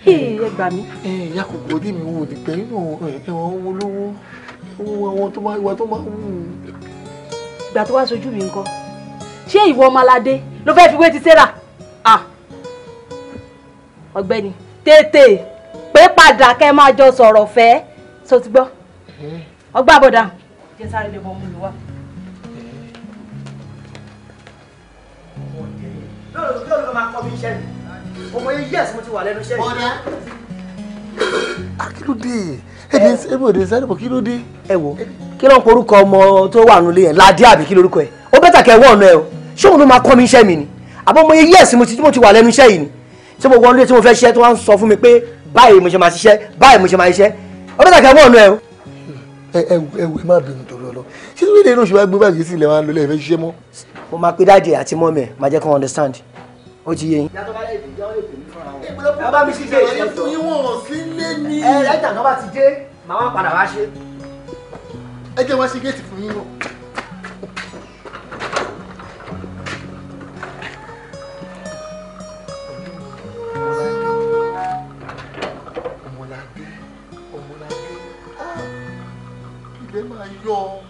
ẹ gbà mí. ìyá kòkó ojú mi wò ní pẹ̀lú ẹ̀wọ̀n owó lówó owó àwọn tó máa ìwà tó máa wù. ìgbà tó wá sojú mi ńkọ́ ṣé ìwọ ọmọládé ló fẹ́ fi wé ti Sarah ọ̀gbẹ́ni tètè pé padà kẹ́ máa jọ sọ̀rọ̀ fẹ́ sotigbọ́ ọgbà bọ̀dà jẹ́ sáré lè mọ ọmọ mi wá. lóòrò lóòrò ló máa kọ́ mi iṣẹ́ ni ọmọ yẹn yẹ́sì mo ti wà lẹ́nu iṣẹ́ yìí. ọ̀dà. akílódé èdè èbòdè sẹ́dọ̀bọ̀ kílódé. ẹ wo kí ló ń porúkọ ọmọ tó wà nulẹ̀ yẹn ládé àbí kí lórúkọ ẹ ó bẹ́tà kẹ́ wọ́n ọ̀nà ẹ o ṣé òun ló máa kọ́ mi iṣẹ́ mi ni àbọ̀ ọmọ yẹn yẹ́sì mo ti wà lẹ́nu iṣẹ́ yìí ni tí mo wọlé tí mo fẹ́ ṣiṣẹ́ tí wọ́n sọ fún mi pé báyìí mo ṣe máa ṣiṣẹ́ báyìí mo ṣe máa ṣiṣẹ́ ó bẹ́tà kẹ́ wọ́n ọ̀nà ẹ o. ẹ ẹ ẹ má bínú ṣé lóde inú ṣe wá gbé báyìí sí ilẹ̀ wa lólè fẹ́ ṣiṣẹ́ mọ́. mo máa pe dáàdì àti mọ́mì máa jẹ́ kí wọ́n understand ó ti yé yín. ẹ jẹ́ wá sí géètì fún yín náà. ọmọlàdé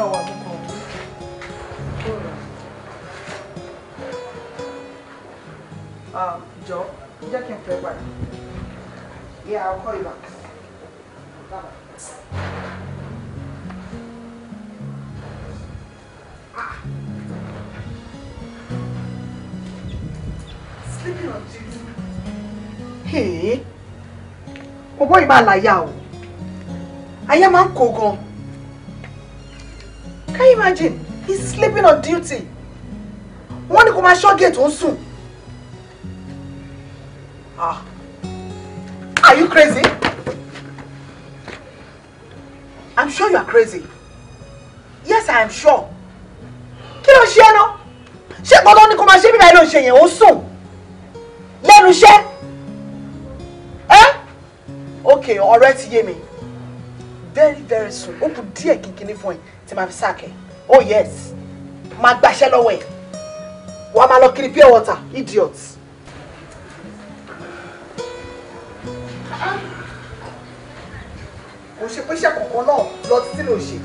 náà wà púpọ̀ ah, jọ jẹ́ kí n fẹ́ padà yeah I'll call you back o ah. Sleeping on Jesus. Hey, ọ̀bọ ìbá àlàyà o, ayé máa ń gan Can you imagine? He's sleeping on duty. Wọ́n ní kó máa ṣọ́ gate ó ń sùn. Ah. Are you crazy? I'm sure you are crazy. Yes, I am sure. Kí ló ṣe ẹ́nà? Ṣé gbọ́dọ̀ ní kó máa ṣe bí báyìí ló ń ṣe yẹn ó sùn? Lẹ́nu iṣẹ́. Ẹ́ okay ọ̀rẹ́ ti yé mi. Very very soon. Ó kù díẹ̀ kíkiní fún ẹ tí màá fi sáàkẹ́ oh yes màá gbàṣẹ́ lọ́wọ́ ẹ̀ wàá máa lọ kiri pure water idiot. kò ṣe pé iṣẹ́ kankan náà lọ títí lò ṣe.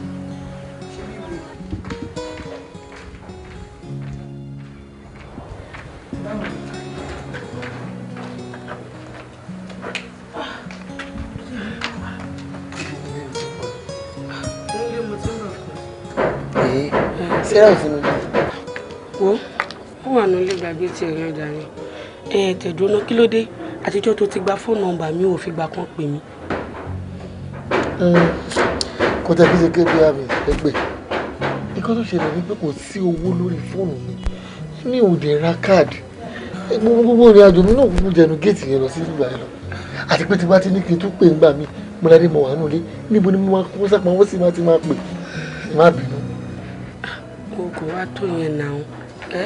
Thank you. Sarah ò sínú ilé. Wo, ó wà nínú ilé gbàgbé ti ẹ̀yàn ọjà ni. Ẹ tẹ̀dúná kí ló dé? Àtijọ́ tó ti gba fóònù nọ́mbà mi ò fi gbà kan pè mí. Hmm, kò tẹ̀ kí ṣe ké bí àmì ẹgbẹ́. Nǹkan tó ṣẹlẹ̀ ni pé kò sí owó lórí fóònù mi. Mi ò dẹ̀ ra káàdì. Gbogbo ìrìn àjò mi náà kúkú jẹnu géètì yẹn lọ sí ìgbà yẹn lọ. Àti pé tí bá ti ní kí n tún pè ń gbà mí, mo dáadé mo wà nù lé. Níbo ni mo máa kó sápamọ́ sí máa ti máa pè? Má bì kó kó wá tó yẹn náà ẹ.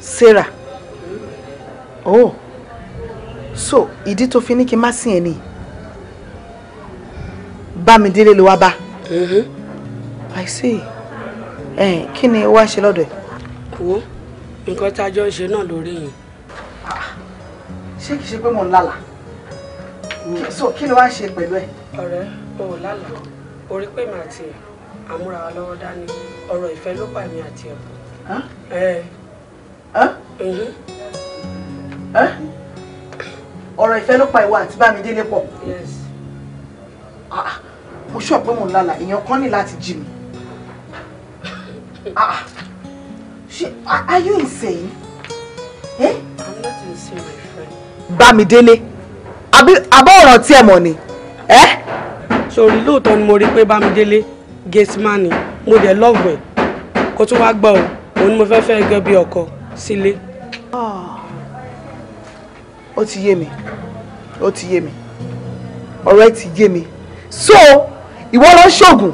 Sarah oh so ìdí tó fi ní kí n má sìn ẹ ni Bámidélé ló wá bá I see Eh, kí ni wàá ṣe lọ́dọ̀ ẹ̀. wo nǹkan tá a jọ ń ṣe náà lórí yìí. Ah, ṣé kìí ṣe pé mò ń lálàá so kí ló wá ṣe pẹ̀lú ẹ̀. ọ̀rẹ́ o ò lálàá orí pé mi àti ẹ̀ àmúra wa lọ́wọ́ dání ọ̀rọ̀ ìfẹ́ ló pa mi àti ẹ̀ pọ̀. ọ̀rọ̀ ìfẹ́ ló pa ìwọ àti Bámidélé pọ̀. Ah, ah, mo ṣọ́ pé mo ń lálàá èèyàn kan ní láti jí mi. Ah, are you insane? Eh? I'm not insane, my friend. Bámidélé àbọ̀ ọ̀rọ̀ tí ẹ mọ̀ ni. sori lóòótọ́ ni mo rí pé bámidélé gateman ni mo dẹ̀ lọ́ọ̀bù ẹ̀ kó tún wáá gbọ́ o òun ni mo fẹ́ẹ́ fẹ́ gẹ́gẹ́ bí ọkọ sílé. Ah, ó ti yé mi ó ti yé mi ọ̀rọ̀ ẹ ti yé mi so ìwọ ló ń ṣoògùn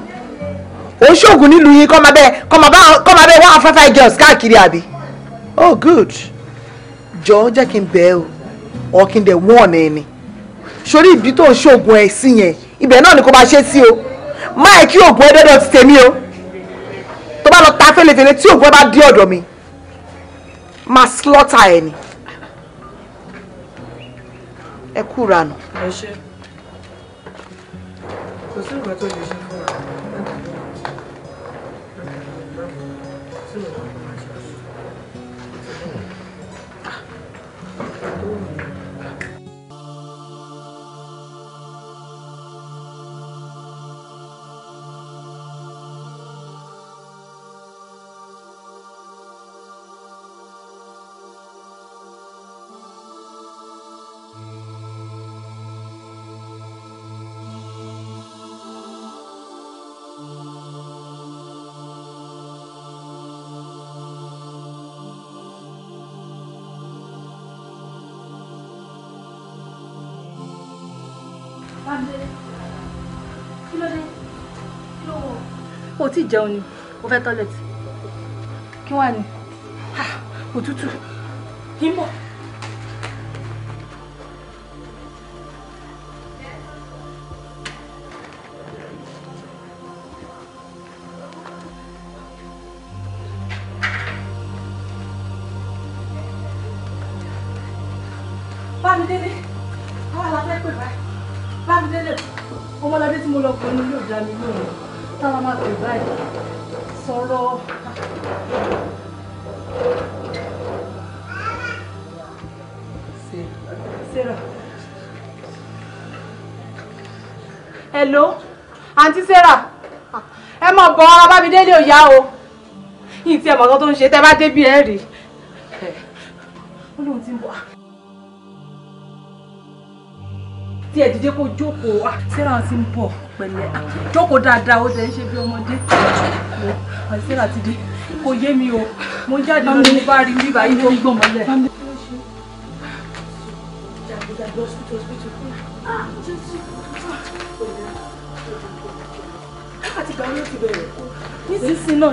ó ń ṣoògùn nílùú yín kọ́ máa bẹ́ẹ̀ kọ́ máa bẹ́ẹ̀ wá afẹ́fẹ́ girls káàkiri àbí. oh good jọ̀ọ́ jẹ́ kí n bẹ̀ ẹ́ o or kí n dẹ̀ wọ́n ọ̀nà ẹni sórí ibi tó ń ṣoògùn ẹ̀ sí yẹn ibẹ̀ náà ni kò bá ṣe sí o máa kí oògùn ẹ dọ́dọ̀ ti tèmi o tó bá lọ ta fẹ́lẹ́fẹ́lẹ́ tí oògùn ẹ bá dé ọ̀dọ̀ mi máa slọ́tà ẹ̀ ni ẹ kúranù. ẹ ṣe kò sí ìgbà tó lè ṣe. Bámidélé, kí ló O ti jẹun ni, mo fẹ́ tọ́lẹ̀tì. Kí wàá ni? Òtútù. Kí yá o yìí tí ẹ mọ̀ kan tó ń ṣe tẹ́ bá débi ẹ̀ rí ó lóun ti ń bọ̀ tí ẹ dìde kó jókòó wá. sarah ti ń bọ̀ pẹ̀lẹ́ jókòó dáadáa ó tẹ̀ ń ṣe bí ọmọdé àti ti dé kò yé mi o mo jáde lọ ní bá rí mi báyìí ó gbọ̀n mọ́lẹ̀. Hospital, hospital. Ah, ìgbà yóò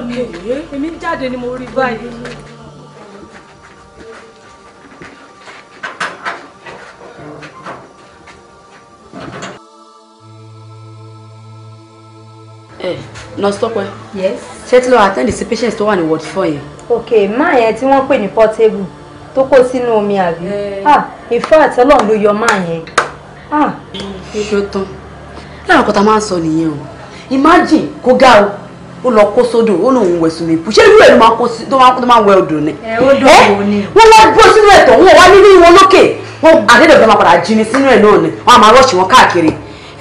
ti yes. ṣé tí lọ attend sí patients tó wà ní ward four yẹn. ok máa yẹn tí wọ́n pè ní portable tó kó sínú omi àbí. Eh. ah ìfẹ́ àtẹ́lọ̀ ló yọ máa yẹn. ah. ṣé o tán láwọn kan tá a máa ń sọ nìyẹn o imagine kó ga o ó lọ kó sódò ó lóun wẹ̀ sùn mẹ́pù ṣé irú ẹ̀ ló máa wẹ odò ni. ẹ wọ́n wá bó sínú ẹ̀ tọ̀ wọ́n wá nínú ìwọ̀n lókè wọ́n àdédọ̀ fẹ́ máa padà jí ni sínú ẹ̀ náà ni wọ́n á máa rọ́ọ̀ṣì wọn káàkiri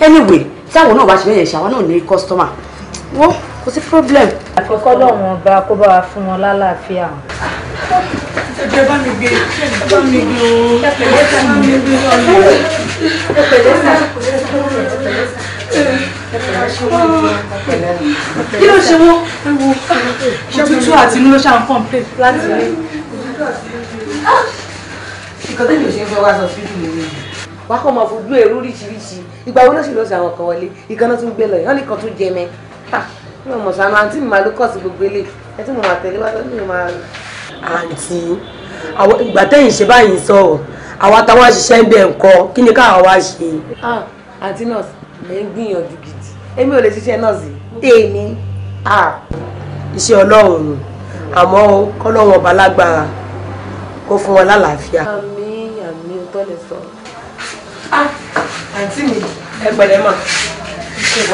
anyway táwọn náà bá ṣe lẹ́yìn ìṣàwọn náà ní kọ́sítọ́mà wọ́n kò sí problem. àkọ́kọ́ lọ́wọ́n bá kó bá wa fún wọn lálàáfíà. ẹ bá mi gbé ẹ bá mi gbé o ẹ pẹ̀lẹ́ sá kí ló ṣe wọ́n òtútù àti inú ló ṣàn complain láti rí. ìkan tẹ́lẹ̀ ò ṣe ń fẹ́ wá sọ fídíò nìyẹn wà á kọ́ máa fojú ẹ̀rú ríṣiríṣi ìgbà wo ló sì lọ sí àwọn kan wọlé ìkan náà tún gbé lọ ìhán nìkan tún jẹ mẹ́ tà ní ọmọ sànú àǹtí mi máa ló kọ́ sí gbogbo ilé ẹ tí mo máa tẹ̀lé wá lọ́dún mi máa. àǹtí àwọn ìgbà tẹ́yìn ṣe báyìí sọ̀rọ̀ àwa táwọn aṣiṣẹ́ ń bẹ̀ ń kọ́ kí ni káwọn wá ṣe. Ah, àǹtí nọ́ọ̀sì lè ń gbìyànjú èmi ò lè ṣiṣẹ́ nọ́ọ̀sì èmi iṣẹ́ ọlọ́run àmọ́ kọ́lọ́run ọba lágbára kó fún wọn lálàáfíà. àmín àmín o tọ́ lè sọ. àǹtí mi ẹ pẹ̀lẹ́ mà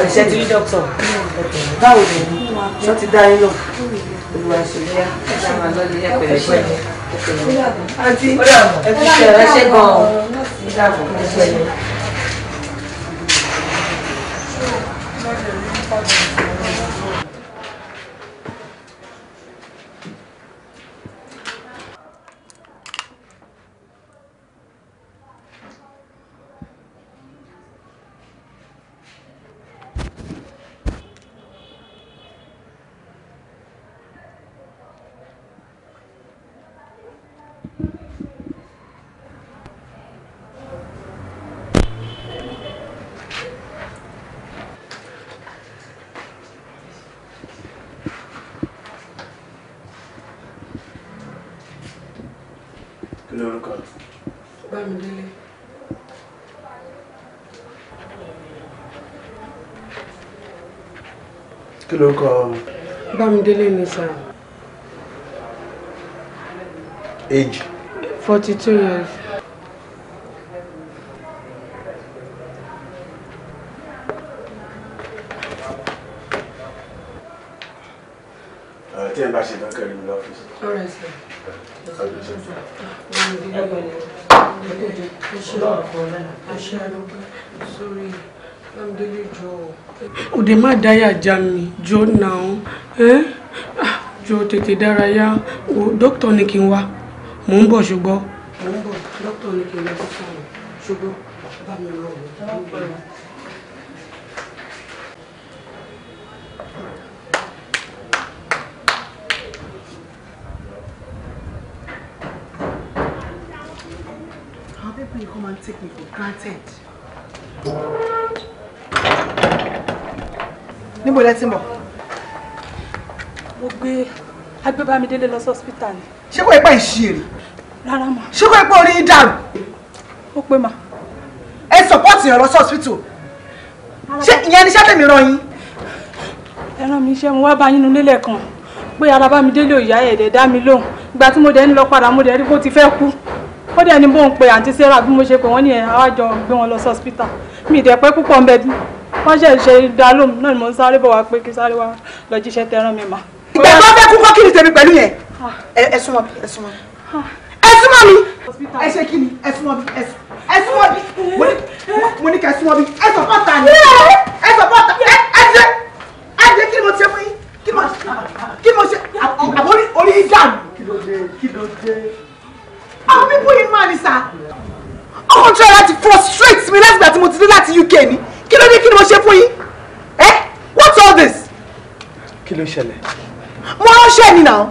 àṣẹ ti rí dókítà báwo ni wọ́n ti dá yín lọ olùwà ṣèlérà ẹ dá ṣe ẹ ṣe gan-an partner. ló kọ. Bámidélé ni sà. Age. Forty two years. òde má dáyà já mi ah, tètè o dókítà ní kí n wá mò ń bọ̀ ṣùgbọ́n. mò ń bọ̀ dókítà ní kí n lọ ṣùgbọ́n bá mi níbo lẹ ti ń bọ̀. mo gbé agbébámidélé lọ sí hospital ni. ṣé kò ẹ̀pẹ́ ìṣirè. rárá mà. ṣé kò ẹ̀pẹ́ orí dàrú. ó pé mà. ẹ sọpọ́ọ̀tì yàn lọ sí hospital. ṣé ìyẹn ni sátẹ̀mí rán yín. ẹ rán mi iṣẹ́ mo wá bá yín nu nílẹ̀ kan pé ara bá mi délé òyà ẹ̀dẹ̀ dá mi lóhùn ìgbà tí mo dẹ̀ ń lọ padà mo dẹ̀ rí kó ti fẹ́ kú ó dẹ̀ ni mò ń pe àǹtí sarah bí mo ṣe pè wọ́n nìyẹn àwájọ gbé wọn lọ sí hospital mi ì dẹ̀ pẹ́ púpọ̀ ń bẹ́ẹ̀ wọ́n ṣe ṣe dalóhùn náà ni mo ń sáré bọ̀ wá pé kí sáré wá lọ jíṣẹ́ tẹ́rán mi mà. ìgbà tó fẹ́ kú kọ́ kí ni tèmi pẹ̀lú yẹn ah. ẹ súnmọ́ bí ẹ súnmọ́ ẹ súnmọ́ mi ah. ẹ ṣe kí ni ẹ súnmọ́ bí ẹ súnmọ́ bí mo ní kẹ́ súnmọ́ bí ẹ sọ pọ́ta ni ẹ sọ pọ́ta ẹ ṣe ẹ ṣe kí ni mo ṣe fún yín kí mo mo ṣe àbọ̀ orí ìjà mi. kí ló máa ní sá ọkọ̀ tí wọ́n láti frustrate mi lẹ́sìgbà tí mo ti dé láti UK ni kí ló dé kí ni mo ṣe fún yín ẹ eh? what's all this. kí ló ṣẹlẹ̀. mo ránṣẹ́ ni náà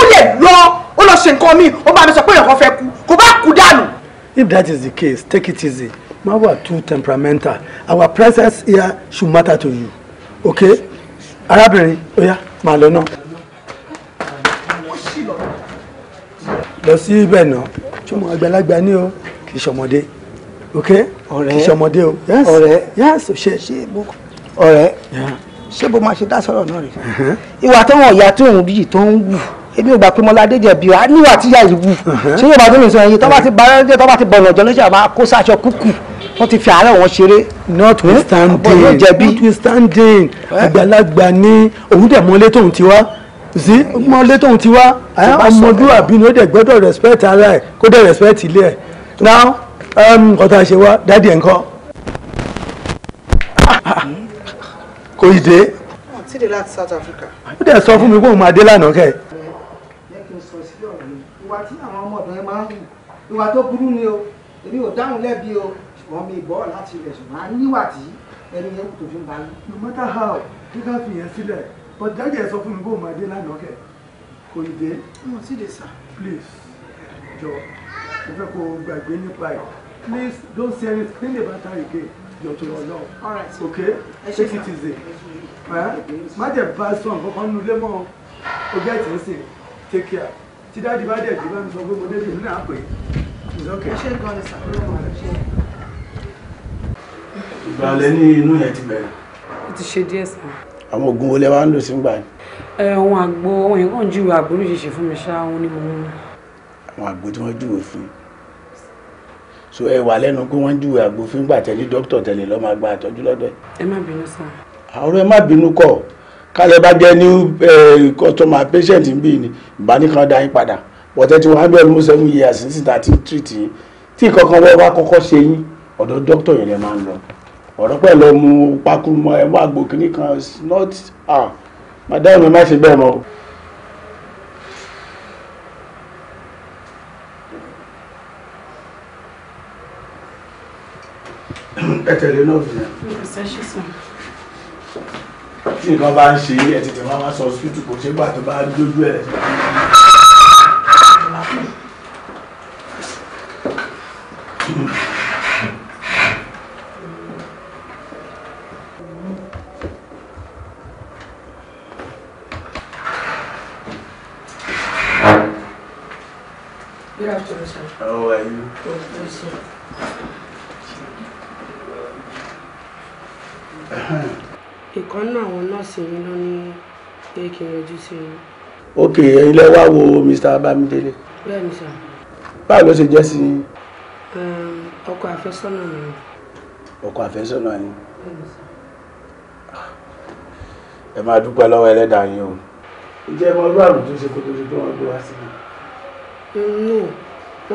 ó lè lọ ó lọ ṣe nǹkan míì ó bá mi sọ pé èèyàn kan fẹ́ kú kò bá kú dànù. if that is the case take it easy ma wa too temperamental our presence here should matter to you okay arábìnrin oya máa lọ náà. lọ sí ibẹ̀ náà tí mo àgbàlagbà ní o kì í ṣọmọdé. Okay. ok ọ̀rẹ́ ìṣọmọdé o yes ọ̀rẹ́ yes ṣe ṣe bó ọ̀rẹ́ ṣé bó máa ṣe dá sọ̀rọ̀ náà rè uh-huh. ìwà táwọn ọ̀yà tó ń rí tó ń wù èmi ò gbà pé mọ́ládé jẹ̀bi wa níwà tíyà yìí wù uh-huh. ṣé yóò bá tó lè sọ ẹyin tó bá ti uh-huh. bára jẹ́ tó bá ti bọ̀nà ọ̀jọ́ lóṣà máa kó sáṣọ kúkú wọ́n ti fi àárẹ̀ wọn ṣeré. notwithstanding notwithstanding àgbàlagbà ni òun dẹ̀ mọ́lé tóun ti wá sí mọ́lé tóun ti wá ọmọdúnrún àbínú ó dẹ̀ gbọ́dọ̀ respect ara ẹ̀ kó dẹ̀ respect ilé ẹ̀ now nǹkan tá a ṣe wá dáàdì ẹ̀ ń kọ́ kò ì dé. ó ah, ti dé láti South Africa. ó dẹ̀ sọ fún mi pé òun máa dé lánàá kẹ́ ẹ̀. jẹ́ kí n sọ sí ọ̀rọ̀ mi ìwà tí àwọn ọmọ máa ń hù ìwà tó burú ni o èmi ò dáhùn lẹ́bi o ṣùgbọ́n mi bọ́ láti rẹ̀ ṣùgbọ́n a níwà tí ẹni yẹn tó fi ń balẹ̀. no matter how kí ká fi yẹn sílẹ̀ but dáàdì ẹ̀ sọ fún mi pé òun máa dé lánàá kẹ́ kò ì dé. mo ti dé sir. please jọ mo fẹ́ kó gbàgbé nípa ẹ̀. Please don't say anything Think about her again. You're to your love. All right. Okay? Take it easy. Má jẹ́ bá sọ nǹkan kan nulẹ̀ mọ́ o jẹ́ tí ń Take care. Tí dáàdi bá dẹ̀ bí bá mi to pé mo débi ìlú It's okay. Ẹ ṣe gan ni sàkóso. Ìgbàlẹ̀ ní inú yẹn ti bẹ̀rẹ̀. O ti ṣe díẹ̀ sí. Àwọn oògùn olè wa ń lò sí ń gbà ní. Ẹ ohun àgbo ohun ìkànjú àgbò ló ṣe ṣe fún mi ṣá òun ni mo mú. Àwọn àgbo tí wọ́n júwèé fún yìí so ẹ wà lẹ́nu pé wọ́n júwe àgbo fíngbà tẹ̀lé dókítà tẹ̀lé lọ́ máa gba àtọ́jú lọ́dọ̀ ẹ̀. ẹ má bínú sá. àwọn ẹ má bínú kọ kálẹ̀ bá jẹ́ new customer patient ń bì ní ìbánikan dá yín padà wọ́tẹ́ tí wọ́n á bẹ̀rù mú seven years ní síta tí treat yín tí kankan wọ́n bá kọ́kọ́ ṣe yín ọ̀dọ̀ dókítà yẹn lẹ máa ń lọ ọ̀rọ̀ pẹ̀lú ọmú pakúmọ ẹ̀ mú àgbo kìnnìkan not ah madam ẹ má ṣe bẹ́ẹ̀ mọ́. ẹ tẹ̀lé nọ́ọ̀sì yẹn. tí nǹkan bá ń ṣe ẹ tètè máa ma sọ síkútù kò ṣe gbà tó bá dójú ẹ. Good afternoon, sir. How are you? Good, good, sir. ìkan náà àwọn nọ́ọ̀sì yín ló ní pé kí n yọjú sí i. ok ẹ̀yin lẹ wá wo Mr. Bámidélé. bẹ́ẹ̀ni sà. báwo ló ṣe jẹ́ sí i. ọkọ àfẹ́sọ́nà mi. ọkọ àfẹ́sọ́nà yín. ẹ máa dúpẹ́ lọ́wọ́ ẹlẹ́dàá yín o. ǹjẹ́ ẹ mọ irú àrùn tó ṣe kó tó ṣe pé wọ́n gbé wá sí i. no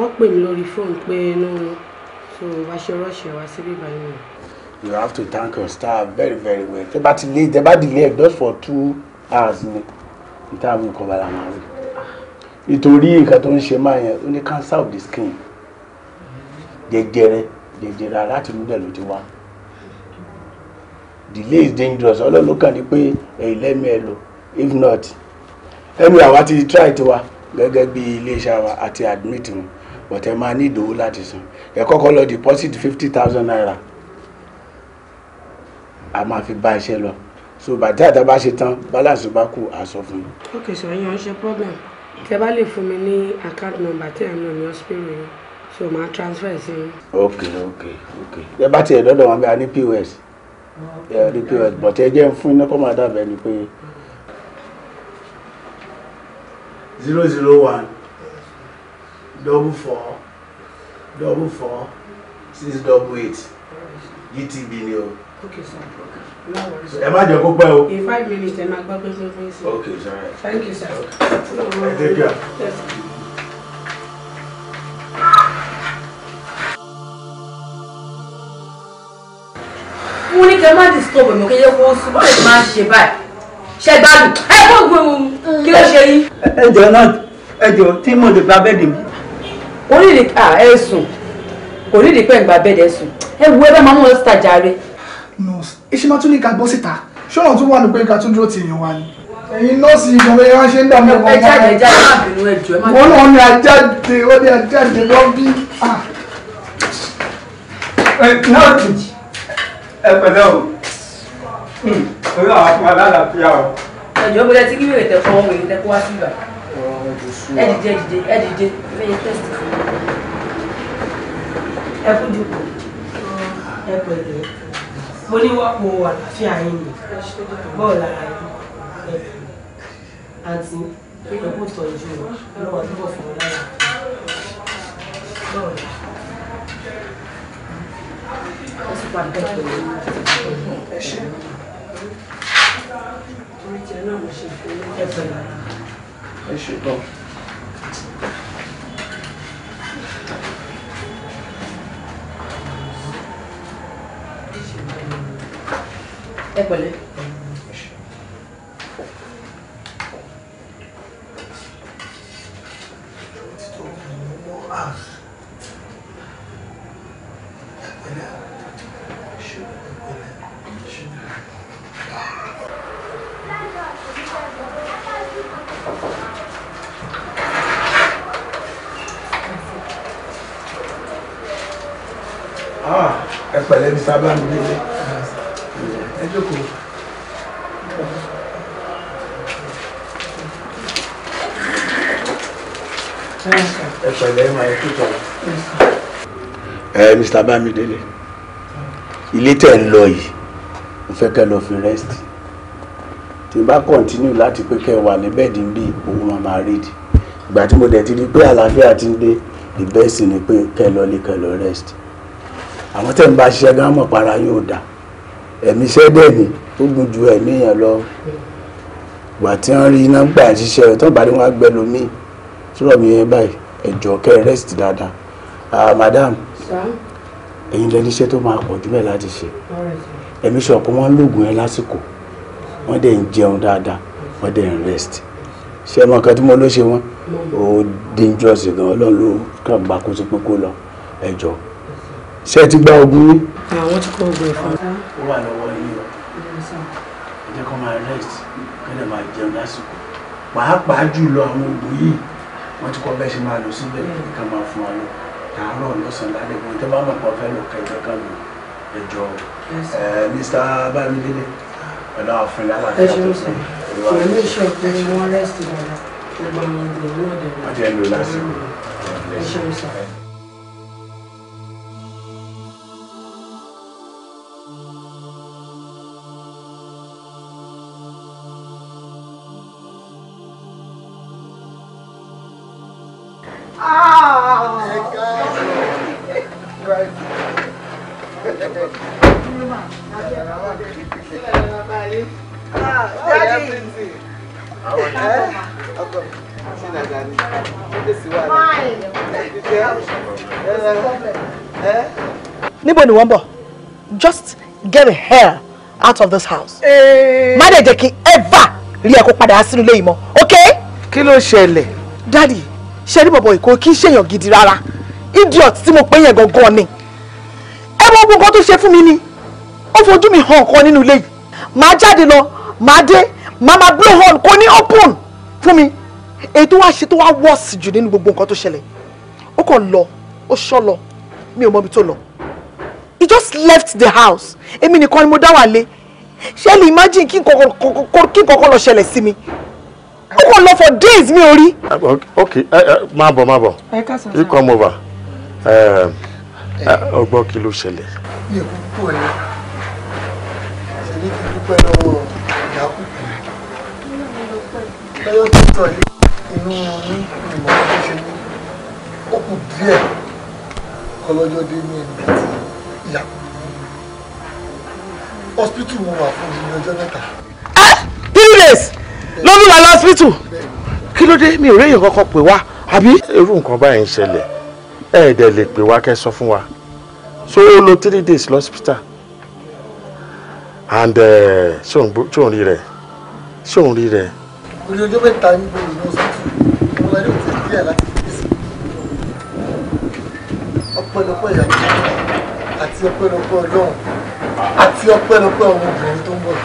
wọ́n pè mí lórí fóònù pé inú so wá ṣe rọ́ọ̀ṣì wá síbí báyìí nìyẹn you have to thank your staff very very well tẹ bá ti lé bá delay just for two hours ni ìta mi cover bala máa rí nítorí nǹkan tó ń ṣe máa yẹn ó ní cancer of the skin jẹjẹrẹ jẹjẹrẹ láti inú dẹ̀ ló ti wá delay is dangerous ọlọ́run kàn ní pé ẹ̀yìn lẹ́mí ẹ lò if not ẹnu àwa ti try tiwa gẹ́gẹ́ bí iléeṣẹ́ wa àti admit wọn but ẹ máa ní ìdòwò láti san ẹ kọ́kọ́ lọ deposit fifty thousand naira a máa fi bá iṣẹ́ lọ so bàtí àtà bá ṣe tán balance bá kù á sọ fún yín. ok sọ yẹn ṣe problem tẹ bá lè fún mi ní account number tí ẹ̀ ń lò ní hospital yìí so máa transfer sí i. ok ok ok ẹ bá tiẹ̀ dọ́dọ̀ wọn bí a ní pos ẹ ní pos but ẹ jẹ́ fún iná kó máa dàbẹ̀ ni pé. zero zero one double four double four six double eight GTB ni o. Okay, sir. No worries. Ẹ má jẹ́ In five minutes, ẹ máa gbọ́ pé kí n Okay, sir. Thank you, sir. Ẹ take care. Yes. mo ní kẹ má disturb mi kí ẹ jẹ́ kó sùn bọ́ọ̀lù tí máa ń ṣe báyìí ṣe gbádùn ẹ kó gbóhùn kí ló ṣe yín. ẹ jọ náà ẹ jọ tí mo lè gba bẹ́ẹ̀dì mi. kò ní ìdí ẹ sùn kò ní ìdí nurse iṣẹ́ máa tún ní ká gbọ́ síta ṣọ́nà tún wà ní pé ká tún dúró tì yín wá ni. ẹ̀yin nọ́ọ̀sì ìjọba ẹran ṣe ń dà mí ọmọ wọn. wọn náà ní ajáde wọn ní ajáde lọ bí. nọ́ọ̀sì ẹ pẹ̀lẹ́ o hmm, orí àwọn afọ alálàáfíà o. ẹjọ́ bọ́lá tí kí wèrè tẹ fọwọ́ wèrè tẹ kó wá sí ibà. ẹ dìde ẹ dìde ẹ dìde fẹ́ yẹ tẹ́sítì ẹ kú jù ẹ pẹ̀lẹ́ mo ní wọ́pọ̀ àlàáfíà yín ni bọ́ọ̀ lára yín àǹtí ẹ̀kú tọ́jú ọlọ́wọ́ àdúgbò fún ọ lára bọ́ọ̀ lára ó sì padà pẹ̀lú ẹ̀ṣẹ̀ ẹ̀ṣẹ̀ tán. ẹ pẹ̀lẹ́. Ah, ẹ pẹ̀lẹ́ mi sábà nílé. pẹ̀lẹ́ máa ń kíjọ. ẹ Mr. Bámidélé ilé tẹ̀ ń lọ yìí mo fẹ́ kẹ́ lọ fi rest tí n bá continue láti pé kẹ́ wà ní bẹ́ẹ̀dì bí òun máa máa read ìgbà tí mo dẹ̀ ti rí pé àlàáfíà ti ń dé the best ni pé kẹ́ lọ lè kẹ́ lọ rest àwọn tẹ̀ ń bá ṣiṣẹ́ gan mọ̀ para yóò dà ẹ̀mí iṣẹ́ dẹ̀ ni ó gùn ju ẹ̀mí yẹn lọ ìgbà tí wọ́n rí iná gbà ṣiṣẹ́ tó bá ní wọ́n á gbẹ lómi tí rọ̀ mi yẹn báyìí ẹjọ kẹ rest dáadáa ah, madam ẹ̀yin lẹni iṣẹ́ tó máa pọ̀ jù bẹ́ẹ̀ láti ṣe ẹmí sọ pé wọn lóògùn ẹ lásìkò wọn dẹ̀ ń jẹun dáadáa wọn dẹ̀ ń rest ṣé ẹ mọ nǹkan tí mo ló ṣe wọn ó dangerous gan Ọlọ́run ló kàn gbà kó tó pé kó lọ ẹjọ ṣé ẹ ti gba ogun yín. àwọn tí kò gbé fún. ó wà lọ́wọ́ yín o ẹ jẹ́ kó máa rest kí ẹ máa jẹun lásìkò pàápàá jùlọ àwọn oògùn yìí wọ́n ti kọ́ bẹ́ẹ̀ ṣe máa lò síbẹ̀ mm. ká máa fún wa lọ tààrọ̀ lọ́sàn-án lálẹ́ gbọ́n tẹ́ bá mọ̀ pọ̀ fẹ́ lọ kẹjọ kan lò ẹjọ́ Mr. Eh, Bámidélé ọ̀nà àfin lálàáfíà tó sọ. ìwé mi ṣe pé wọ́n rẹ́sì dáadáa gbogbo àwọn ọdún náà dẹ̀ wọ́n. àti ẹ̀ lò lásìkò. ẹ ṣeun sọ. my God. níbo ni wọ́n bọ̀ just get the hair out of this house eh. má dẹ̀ jẹ́ kí ever rí ẹ kó padà sínú ilé yìí mọ́ ok. kí ló ṣẹlẹ̀. daddy ṣe rí bọ̀bọ̀ ìkó kí ṣèyàn gidi rárá idiot tí mo pè yẹn gangan ni ẹ mọ gbogbo tó ṣe fún mi ni ó fojú mi hàn kan nínú ilé yìí màá jáde lọ màá dé màá máa blow horn kò ní open fún mi èyí tó wá ṣe tó wá worse jù nínú gbogbo nǹkan tó ṣẹlẹ̀ ó kàn lọ ó ṣọ́ lọ mi ò mọ ibi tó lọ he just left the house èmi nìkan ni mo dá wà lé ṣé lè imagine kí nǹkan kọ́ lọ ṣẹlẹ̀ sí mi ó kàn lọ for days mi ò rí. ok máa bọ̀ máa bọ̀ you come over ọgbọ́n kí ló ṣẹlẹ̀. mi ò púpọ̀ ni ṣèlú ti dúpẹ́ lọ́wọ́ ìyá kúkú lọ́yọ́ tó tọ̀ yìí inú ní ìmọ̀ tó ṣe ní ó kù díẹ̀ ọlọ́jọ́ dé ní ẹ̀mí àti ìyá kúkú hospital mo wà fún ìdílé ọjọ́ mẹ́ta. three ah! days lọ́dúnlá lọ́sibítù kí ló dé mi ò réyìn kankan pè wá àbí. irú nǹkan báyìí ń ṣẹlẹ̀ ẹ̀ẹ́dẹ̀ lè pè wá kẹ́ sọ fún wa so ó lò three days lọ́sibítà and eh, ṣóun rí rẹ̀ ṣóun rí rẹ̀. ojoojúmọ́ mẹ́ta ń gbé ìlú ọ̀sán ọmọ ẹni ò ti díẹ̀ láti fèsì ọpẹ́lọpẹ́ ìyàwó àti ọpẹ́lọpẹ́ ọlọ́run àti ọpẹ́lọpẹ́ ọmọ obìnrin tó ń bọ̀.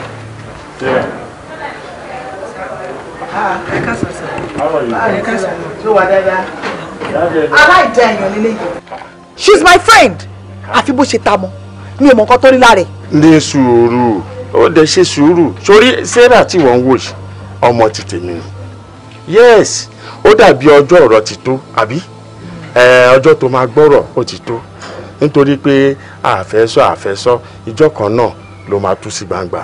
She's my friend àfi bó ṣe ta mọ mi ò mọ nǹkan tó rí lára ẹ. ní sùúrù ó dẹ ṣe sùúrù sórí sarah tí wọ́n ń wò yìí ọmọ ti tèmi ni yes ó dàbí ọjọ́ ojo ti tó àbí ọjọ́ tó máa gbọ́rọ̀ ó ti tó nítorí a àfẹ́sọ́ àfẹ́sọ́ ìjọ kan náà ló ma tú sí gbangba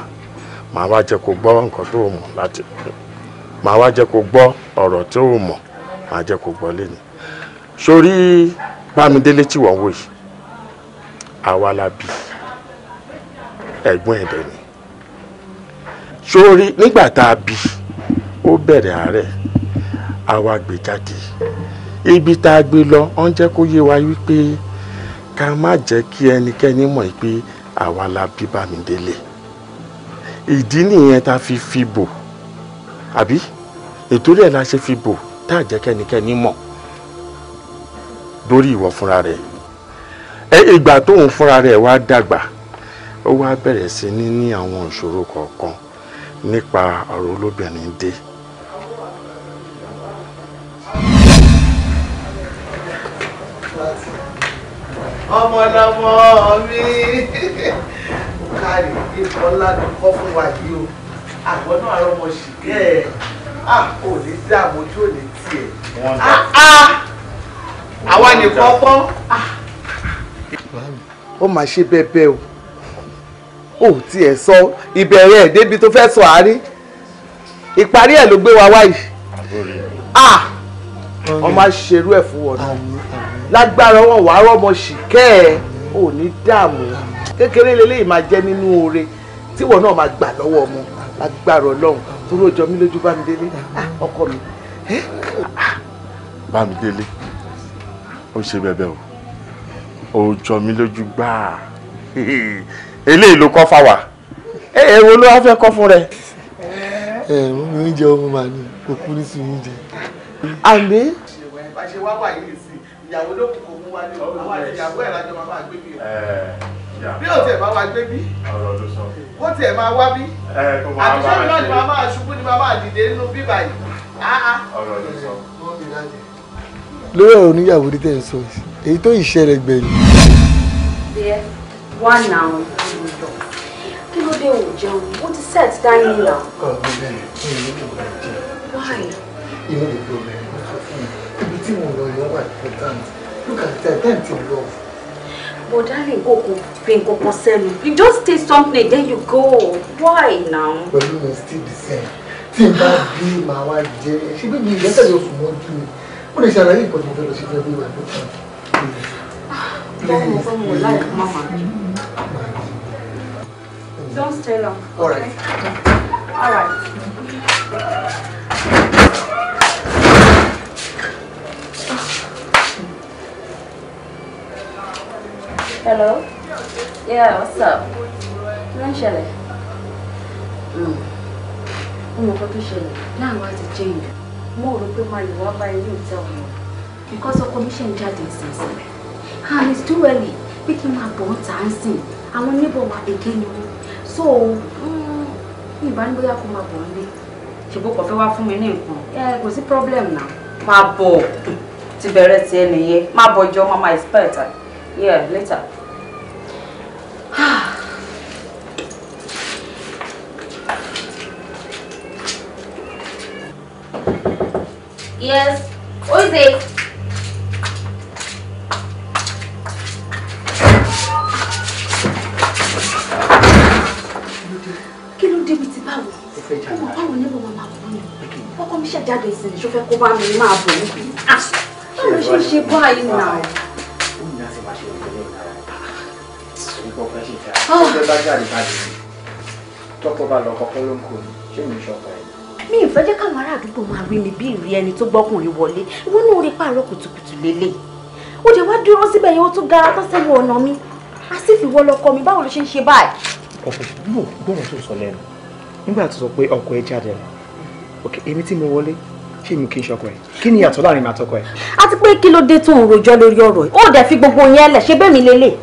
màá wá jẹ́ kó gbọ́ nǹkan tó mọ̀ láti màá wá jẹ́ kó gbọ́ ọ̀rọ̀ tí ò mọ̀ màá jẹ́ kó gbọ́ lẹ́nu sórí bámidélé tí wọ́n wò yìí àwa la bi ẹ̀gbọ́n ẹ̀dẹ̀ ni sórí nígbà tá a bí ó bẹ̀rẹ̀ àárẹ̀ àwa gbé jáde ibi tá a gbé lọ ó ń jẹ́ kó yé wa wípé ká má jẹ́ kí ẹnikẹ́ni mọ̀ pé àwa la bi bámidélé ìdí nìyẹn tá a fi fi bò àbí ètò rẹ̀ la ṣe fi bò tá a jẹ́ kẹ́nikẹ́ni mọ̀ dórí ìwọ fúnra rẹ̀ ẹ ìgbà tóun fúnra rẹ̀ wá dàgbà ó wá bẹ̀rẹ̀ sí ní ní àwọn ìṣòro kọ̀ọ̀kan nípa ọ̀rọ̀ olóbìnrin dé. ọmọ lọmọ mi kárí ìfọlá ló kọ́ fún wa yìí o àwọn náà àrọ ọmọ ṣìkẹ́ ẹ̀ à ò ní dààmú tí ò ní tiẹ̀. àwa nìkan pọ́n. ó mà ṣe bẹ́ẹ̀ o ò tiẹ̀ sọ ìbẹ̀rẹ̀ ẹ̀ débi tó fẹ́ sọ àárín ìparí ẹ̀ ló gbé wa wáyìí ọmọ àṣerú ẹ̀ fún wọn lágbára wọn wàá rọmọ ṣìkẹ́ ẹ̀ ò ní dààmú kékeré lélẹ́yìí máa jẹ́ nínú oore tíwọ náà máa gbà lọ́wọ́ ọmọ lágbára ọlọ́run torí ọjọ́ mi lójú bámidélé ah, ọkọ mi. Ah. bámidélé ó ṣe bẹ̀bẹ̀ o ọjọ́ mi lójú gbáà eléyìí ló kọ́ fáwa èèwò ló wá fẹ́ kọ́ fún rẹ. ẹ ẹ mú mi oúnjẹ ọmọ màá ní òkú ní sùn oúnjẹ. àmì. bá a ṣe wá wà yìí sí ìyàwó ló kù kó mú wálé àwọn àti ìyàwó ẹ̀ lájọ máa bá bí o tiẹ̀ máa wá gbé bí kó tiẹ̀ máa wá bí àbíṣẹ́ mi náà ni màá máa ṣubú ni màá máa dìde nínú bí báyìí ah, ah. lórí ọ̀rọ̀ oníyàwó rí tẹ̀ sọ èyí tó ìṣẹ̀lẹ̀ gbẹ̀yìn. wà náà kí ló dé òun jẹun ó ti set dání là. inú the problem ibi tí mo lọ yẹn wà important look at the time time to love. But oh, darling, go go bring go sell You just say something then you go. Why now? But you are still the same. Think about being my wife, Jerry. She will be the better you from one to me. What is already put me fellow she my person. Please. Please. like mama. Don't stay long. All right. Hello? Yeah, what's up? Kí ló ń ṣẹlẹ̀? Hmm. Mo mọ̀ nǹkan tó ṣẹlẹ̀. Láàrin wa change. More rò pé máa lè wá bá ilé ìtẹ́ ọ̀hún. Because ọkọ commission ṣe ń jáde And it's too early pé kí n máa bọ̀ ń tà á sìn. Àwọn neighbor wa èké ni wọ́n. So, ìbánibóyá hmm, kò máa bọ̀ ń lé. Ṣùgbọ́n kò fẹ́ wá fún mi Yeah, nǹkan. Ẹ eh, kò problem now. My boy. ti bẹ̀rẹ̀ My boy Joe, my expert. Yeah, later. Yes. Who is it? Kí ló dé bí ti báwo? Ọmọ báwo ní bọ̀wọ̀ máa bọ̀ ni? Ọkọ mi ṣẹ̀jáde ìsinmi ṣó fẹ́ kó bá mi máa bọ̀ níbi. Ah! Báwo ló bá jáde ká lè rí tọ́pọ̀ bá lọ kọ́kọ́ ló ń kó ni ṣé mi ṣọkọ ẹ̀. mi ì fẹ́ jẹ́ káwọn ará àdúgbò máa rí mi bí ìrí ẹni tó gbọ́kùnrin wọlé ìwọ náà rí pààrọ̀ kùtùkùtù lélẹ̀ ó jẹ́ wá dúró síbẹ̀ yẹn ó tún gara tó sẹ́wọ́ ọ̀nà mi àsìfì wọ lọkọ mi báwo ló ṣe ń ṣe báyìí. ọkọ yóò gbọ́rọ̀ tó sọ lẹ́nu nígbà tó sọ pé ọkọ ẹ jáde lọ òkè èmi tí mo wọlé ṣé mi kì í ṣọkọ ẹ kí ni ìyàtọ̀ láàrin mi àtọkọ ẹ. àti pé kí ló dé tó ń rojọ́ lórí ọ̀rọ̀ yìí ó dẹ̀ fi gbogbo yẹn lẹ̀ ṣe bẹ́ẹ̀ mi lélẹ̀